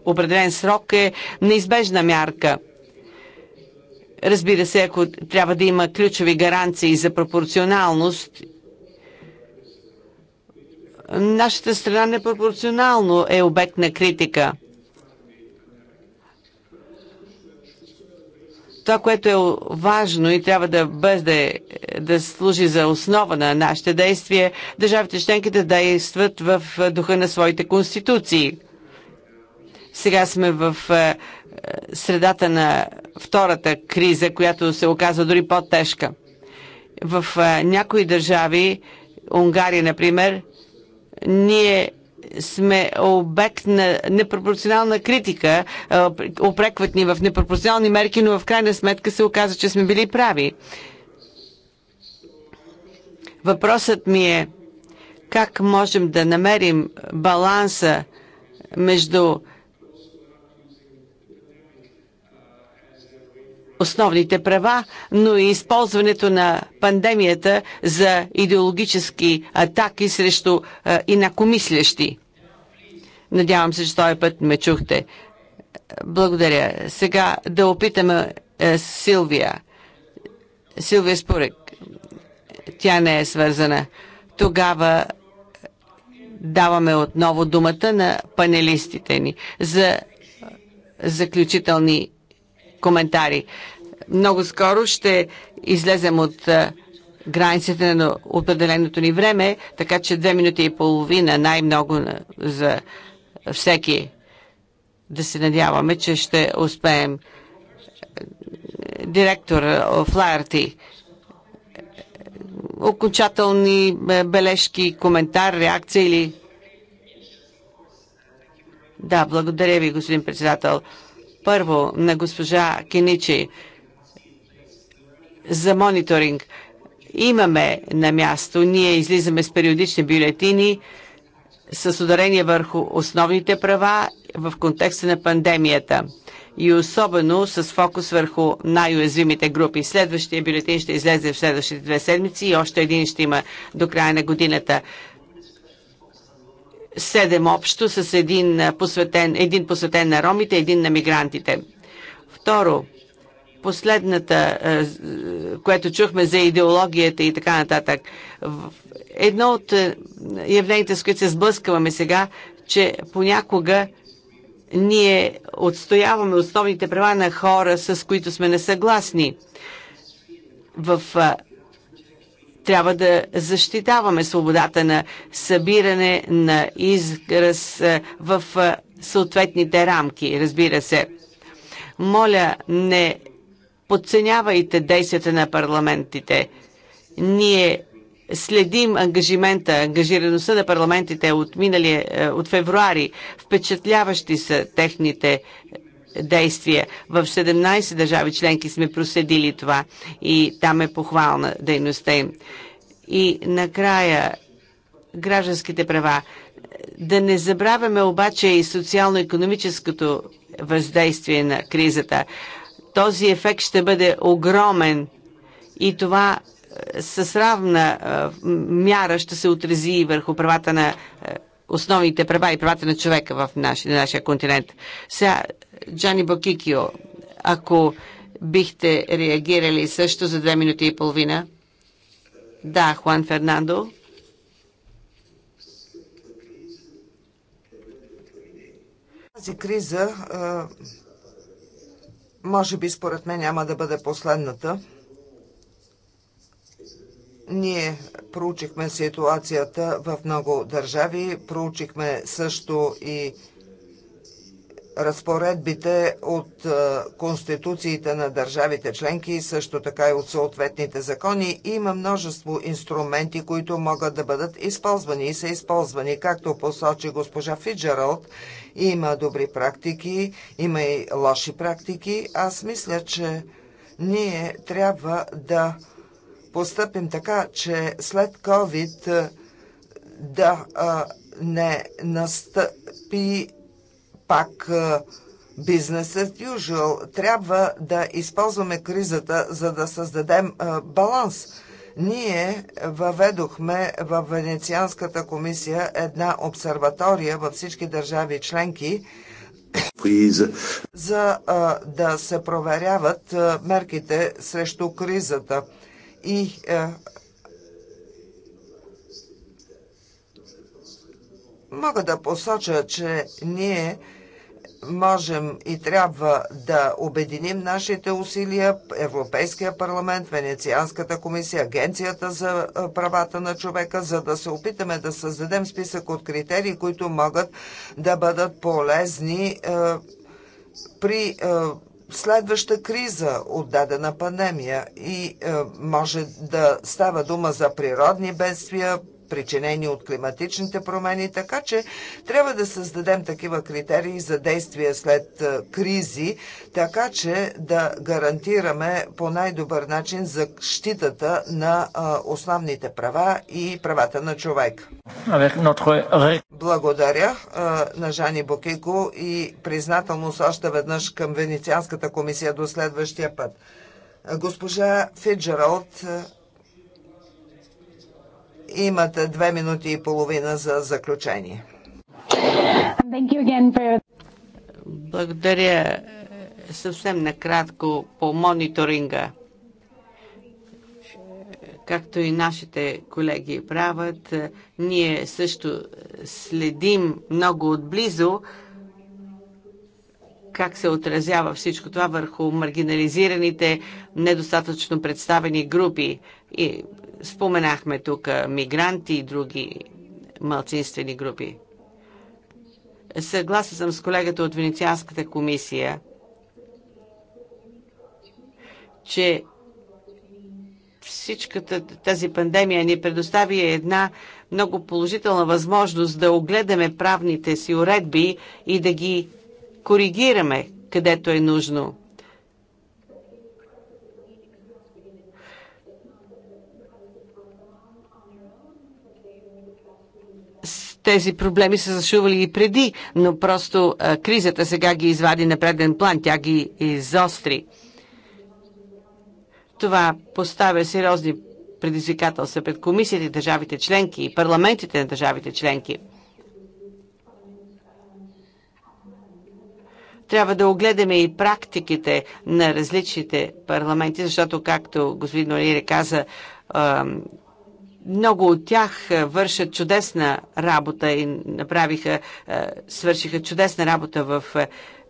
[SPEAKER 2] определен срок е неизбежна мярка. Разбира се, ако трябва да има ключови гаранции за пропорционалност, нашата страна непропорционално е обект на критика. Това, което е важно и трябва да бъде, да служи за основа на нашите действия, държавите членки да действат в духа на своите конституции – сега сме в е, е, средата на втората криза, която се оказва дори по-тежка. В е, някои държави, Унгария, например, ние сме обект на непропорционална критика. Опрекват ни в непропорционални мерки, но в крайна сметка се оказа, че сме били прави. Въпросът ми е как можем да намерим баланса между основните права, но и използването на пандемията за идеологически атаки срещу инакомислящи. Надявам се, че този път ме чухте. Благодаря. Сега да опитаме Силвия. Силвия Спорек. Тя не е свързана. Тогава даваме отново думата на панелистите ни за заключителни коментари. Много скоро ще излезем от е, границите на определеното ни време, така че две минути и половина най-много за всеки да се надяваме, че ще успеем. Директор е, Флаерти, окончателни е, бележки, коментар, реакция или... Да, благодаря ви, господин председател. Първо на госпожа Кеничи за мониторинг. Имаме на място, ние излизаме с периодични бюлетини с ударение върху основните права в контекста на пандемията и особено с фокус върху най-уязвимите групи. Следващия бюлетин ще излезе в следващите две седмици и още един ще има до края на годината седем общо с един посветен, един посветен на ромите, един на мигрантите. Второ, последната, което чухме за идеологията и така нататък. Едно от явленията, с които се сблъскаваме сега, че понякога ние отстояваме основните права на хора, с които сме несъгласни. В трябва да защитаваме свободата на събиране, на израз е, в е, съответните рамки, разбира се. Моля, не подценявайте действията на парламентите. Ние следим ангажимента, ангажираността на парламентите от миналия, е, от февруари. Впечатляващи са техните действия. В 17 държави членки сме проследили това и там е похвална дейността им. И накрая гражданските права. Да не забравяме обаче и социално-економическото въздействие на кризата. Този ефект ще бъде огромен и това е, с равна е, мяра ще се отрази и върху правата на е, основните права и правата на човека в наш, на нашия континент. Сега Джани Бокикио, ако бихте реагирали също за две минути и половина. Да, Хуан Фернандо.
[SPEAKER 3] Тази криза, може би според мен, няма да бъде последната. Ние проучихме ситуацията в много държави, проучихме също и разпоредбите от е, конституциите на държавите членки, също така и от съответните закони. Има множество инструменти, които могат да бъдат използвани и са използвани, както посочи госпожа Фиджералд. Има добри практики, има и лоши практики. Аз мисля, че ние трябва да постъпим така, че след COVID е, да е, не настъпи пак бизнес as usual. Трябва да използваме кризата, за да създадем баланс. Ние въведохме в Венецианската комисия една обсерватория във всички държави членки, за а, да се проверяват а, мерките срещу кризата. И а, мога да посоча, че ние можем и трябва да обединим нашите усилия, Европейския парламент, Венецианската комисия, Агенцията за правата на човека, за да се опитаме да създадем списък от критерии, които могат да бъдат полезни при следваща криза от дадена пандемия и може да става дума за природни бедствия, причинени от климатичните промени, така че трябва да създадем такива критерии за действия след е, кризи, така че да гарантираме по най-добър начин защитата на е, основните права и правата на човек. Благодаря е, на Жани Бокико и признателност още веднъж към Венецианската комисия до следващия път. Госпожа Фиджералд Имате две минути и половина за заключение.
[SPEAKER 2] For... Благодаря съвсем накратко по мониторинга. Както и нашите колеги правят, ние също следим много отблизо как се отразява всичко това върху маргинализираните, недостатъчно представени групи. И Споменахме тук мигранти и други малцинствени групи. Съгласен съм с колегата от Венецианската комисия, че всичката тази пандемия ни предостави една много положителна възможност да огледаме правните си уредби и да ги коригираме където е нужно. тези проблеми са зашували и преди, но просто а, кризата сега ги извади на преден план, тя ги изостри. Това поставя сериозни предизвикателства пред комисията и държавите членки и парламентите на държавите членки. трябва да огледаме и практиките на различните парламенти, защото, както господин Олире каза, много от тях е, вършат чудесна работа и направиха, е, свършиха чудесна работа в е,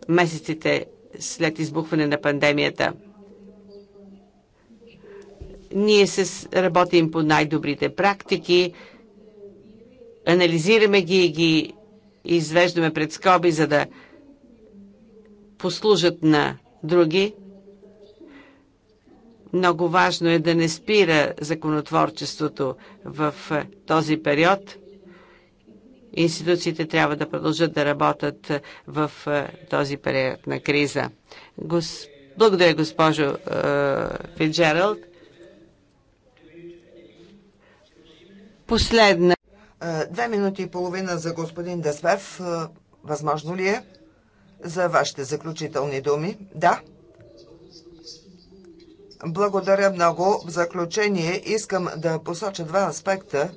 [SPEAKER 2] месеците след избухване на пандемията. Ние се работим по най-добрите практики, анализираме ги и ги извеждаме пред скоби, за да послужат на други. Много важно е да не спира законотворчеството в е, този период. Институциите трябва да продължат да работят е, в е, този период на криза. Гос... Благодаря, госпожо е, Фиджералд.
[SPEAKER 3] Последна. Две минути и половина за господин Десвев. Възможно ли е за вашите заключителни думи? Да. Благодаря много. В заключение искам да посоча два аспекта.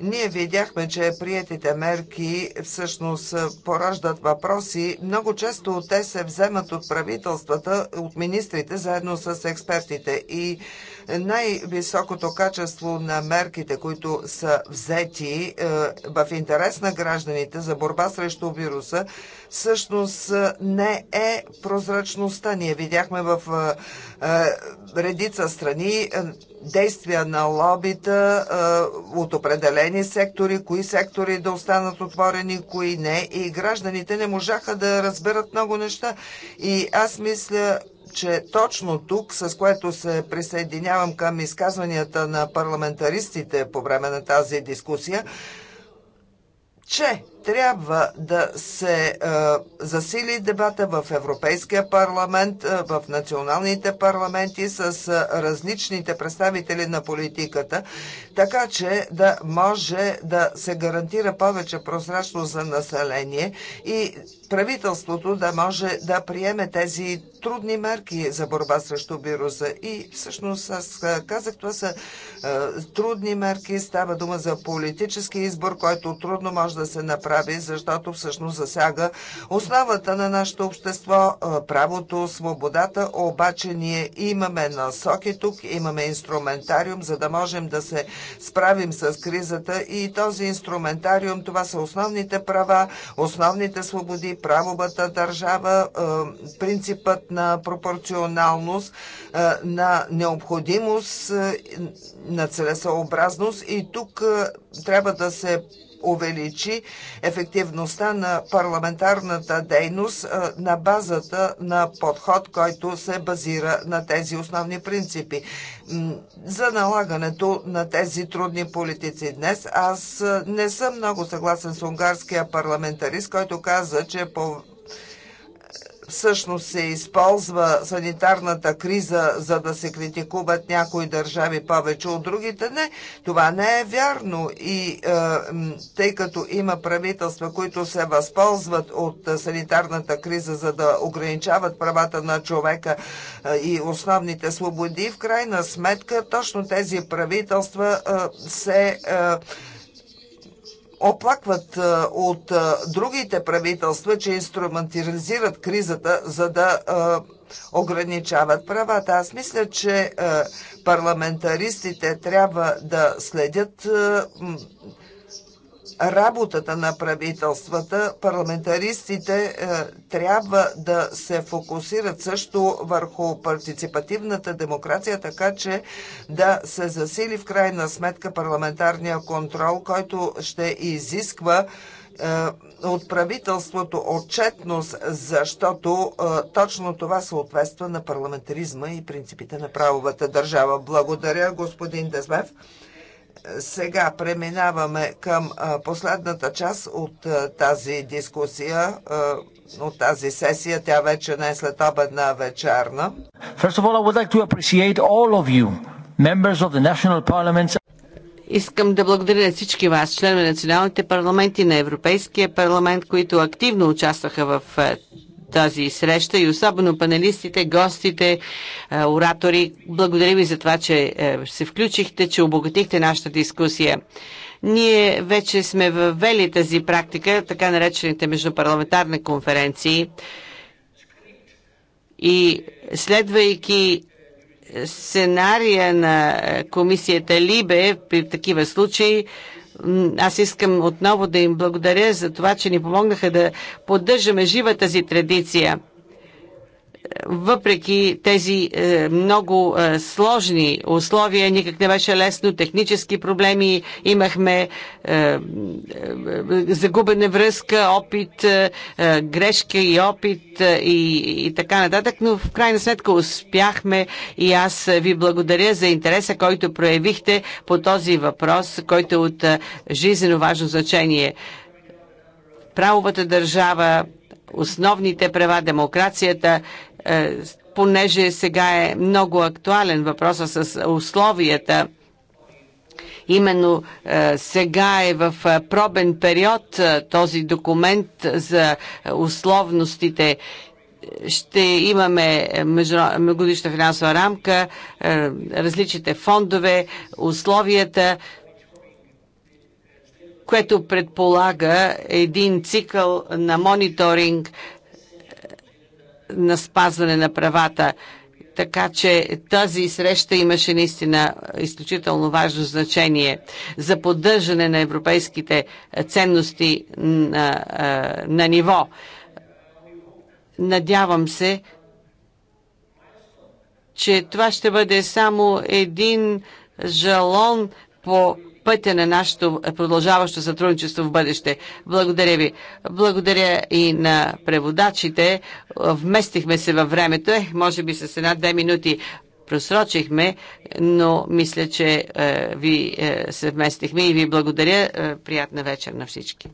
[SPEAKER 3] Ние видяхме, че приятите мерки всъщност пораждат въпроси. Много често те се вземат от правителствата, от министрите, заедно с експертите. И най-високото качество на мерките, които са взети е, в интерес на гражданите за борба срещу вируса, всъщност е, не е прозрачността. Ние видяхме в е, редица страни действия на лобита от определени сектори, кои сектори да останат отворени, кои не. И гражданите не можаха да разберат много неща. И аз мисля, че точно тук, с което се присъединявам към изказванията на парламентаристите по време на тази дискусия, че трябва да се е, засили дебата в Европейския парламент, е, в националните парламенти с е, различните представители на политиката, така че да може да се гарантира повече прозрачност за население и правителството да може да приеме тези трудни мерки за борба срещу вируса. И всъщност аз казах, това са трудни мерки, става дума за политически избор, който трудно може да се направи прави, защото всъщност засяга основата на нашето общество, правото, свободата, обаче ние имаме насоки тук, имаме инструментариум, за да можем да се справим с кризата и този инструментариум, това са основните права, основните свободи, правовата държава, принципът на пропорционалност, на необходимост, на целесообразност и тук трябва да се увеличи ефективността на парламентарната дейност на базата на подход, който се базира на тези основни принципи. За налагането на тези трудни политици днес аз не съм много съгласен с унгарския парламентарист, който каза, че по всъщност се използва санитарната криза, за да се критикуват някои държави повече от другите. Не, това не е вярно. И е, тъй като има правителства, които се възползват от санитарната криза, за да ограничават правата на човека е, и основните свободи, в крайна сметка точно тези правителства е, се. Е, оплакват от другите правителства, че инструментализират кризата, за да ограничават правата. Аз мисля, че парламентаристите трябва да следят работата на правителствата, парламентаристите е, трябва да се фокусират също върху партиципативната демокрация, така че да се засили в крайна сметка парламентарния контрол, който ще изисква е, от правителството отчетност, защото е, точно това съответства на парламентаризма и принципите на правовата държава. Благодаря, господин Дезмев. Сега преминаваме към последната част от тази дискусия, от тази сесия. Тя вече не е след обедна вечерна.
[SPEAKER 2] Искам да благодаря на всички вас, членове на националните парламенти, на Европейския парламент, които активно участваха в тази среща и особено панелистите, гостите, е, оратори. Благодаря ви за това, че е, се включихте, че обогатихте нашата дискусия. Ние вече сме въвели тази практика, така наречените междупарламентарни конференции и следвайки сценария на комисията Либе при такива случаи, аз искам отново да им благодаря за това, че ни помогнаха да поддържаме жива тази традиция въпреки тези е, много е, сложни условия, никак не беше лесно, технически проблеми имахме, е, е, е загубена връзка, опит, е, грешка и опит и, и така нататък, но в крайна сметка успяхме и аз ви благодаря за интереса, който проявихте по този въпрос, който е от жизненно важно значение. Правовата държава, основните права, демокрацията е, понеже сега е много актуален въпроса с условията именно е, сега е в е, пробен период този документ за условностите. Ще имаме годишна финансова рамка, различните фондове, условията, което предполага един цикъл на мониторинг на спазване на правата. Така че тази среща имаше наистина изключително важно значение за поддържане на европейските ценности на, на ниво. Надявам се, че това ще бъде само един жалон по пътя на нашето продължаващо сътрудничество в бъдеще. Благодаря ви. Благодаря и на преводачите. Вместихме се във времето, е, може би с една-две минути просрочихме, но мисля, че е, ви е, се вместихме и ви благодаря. Е, приятна вечер на всички.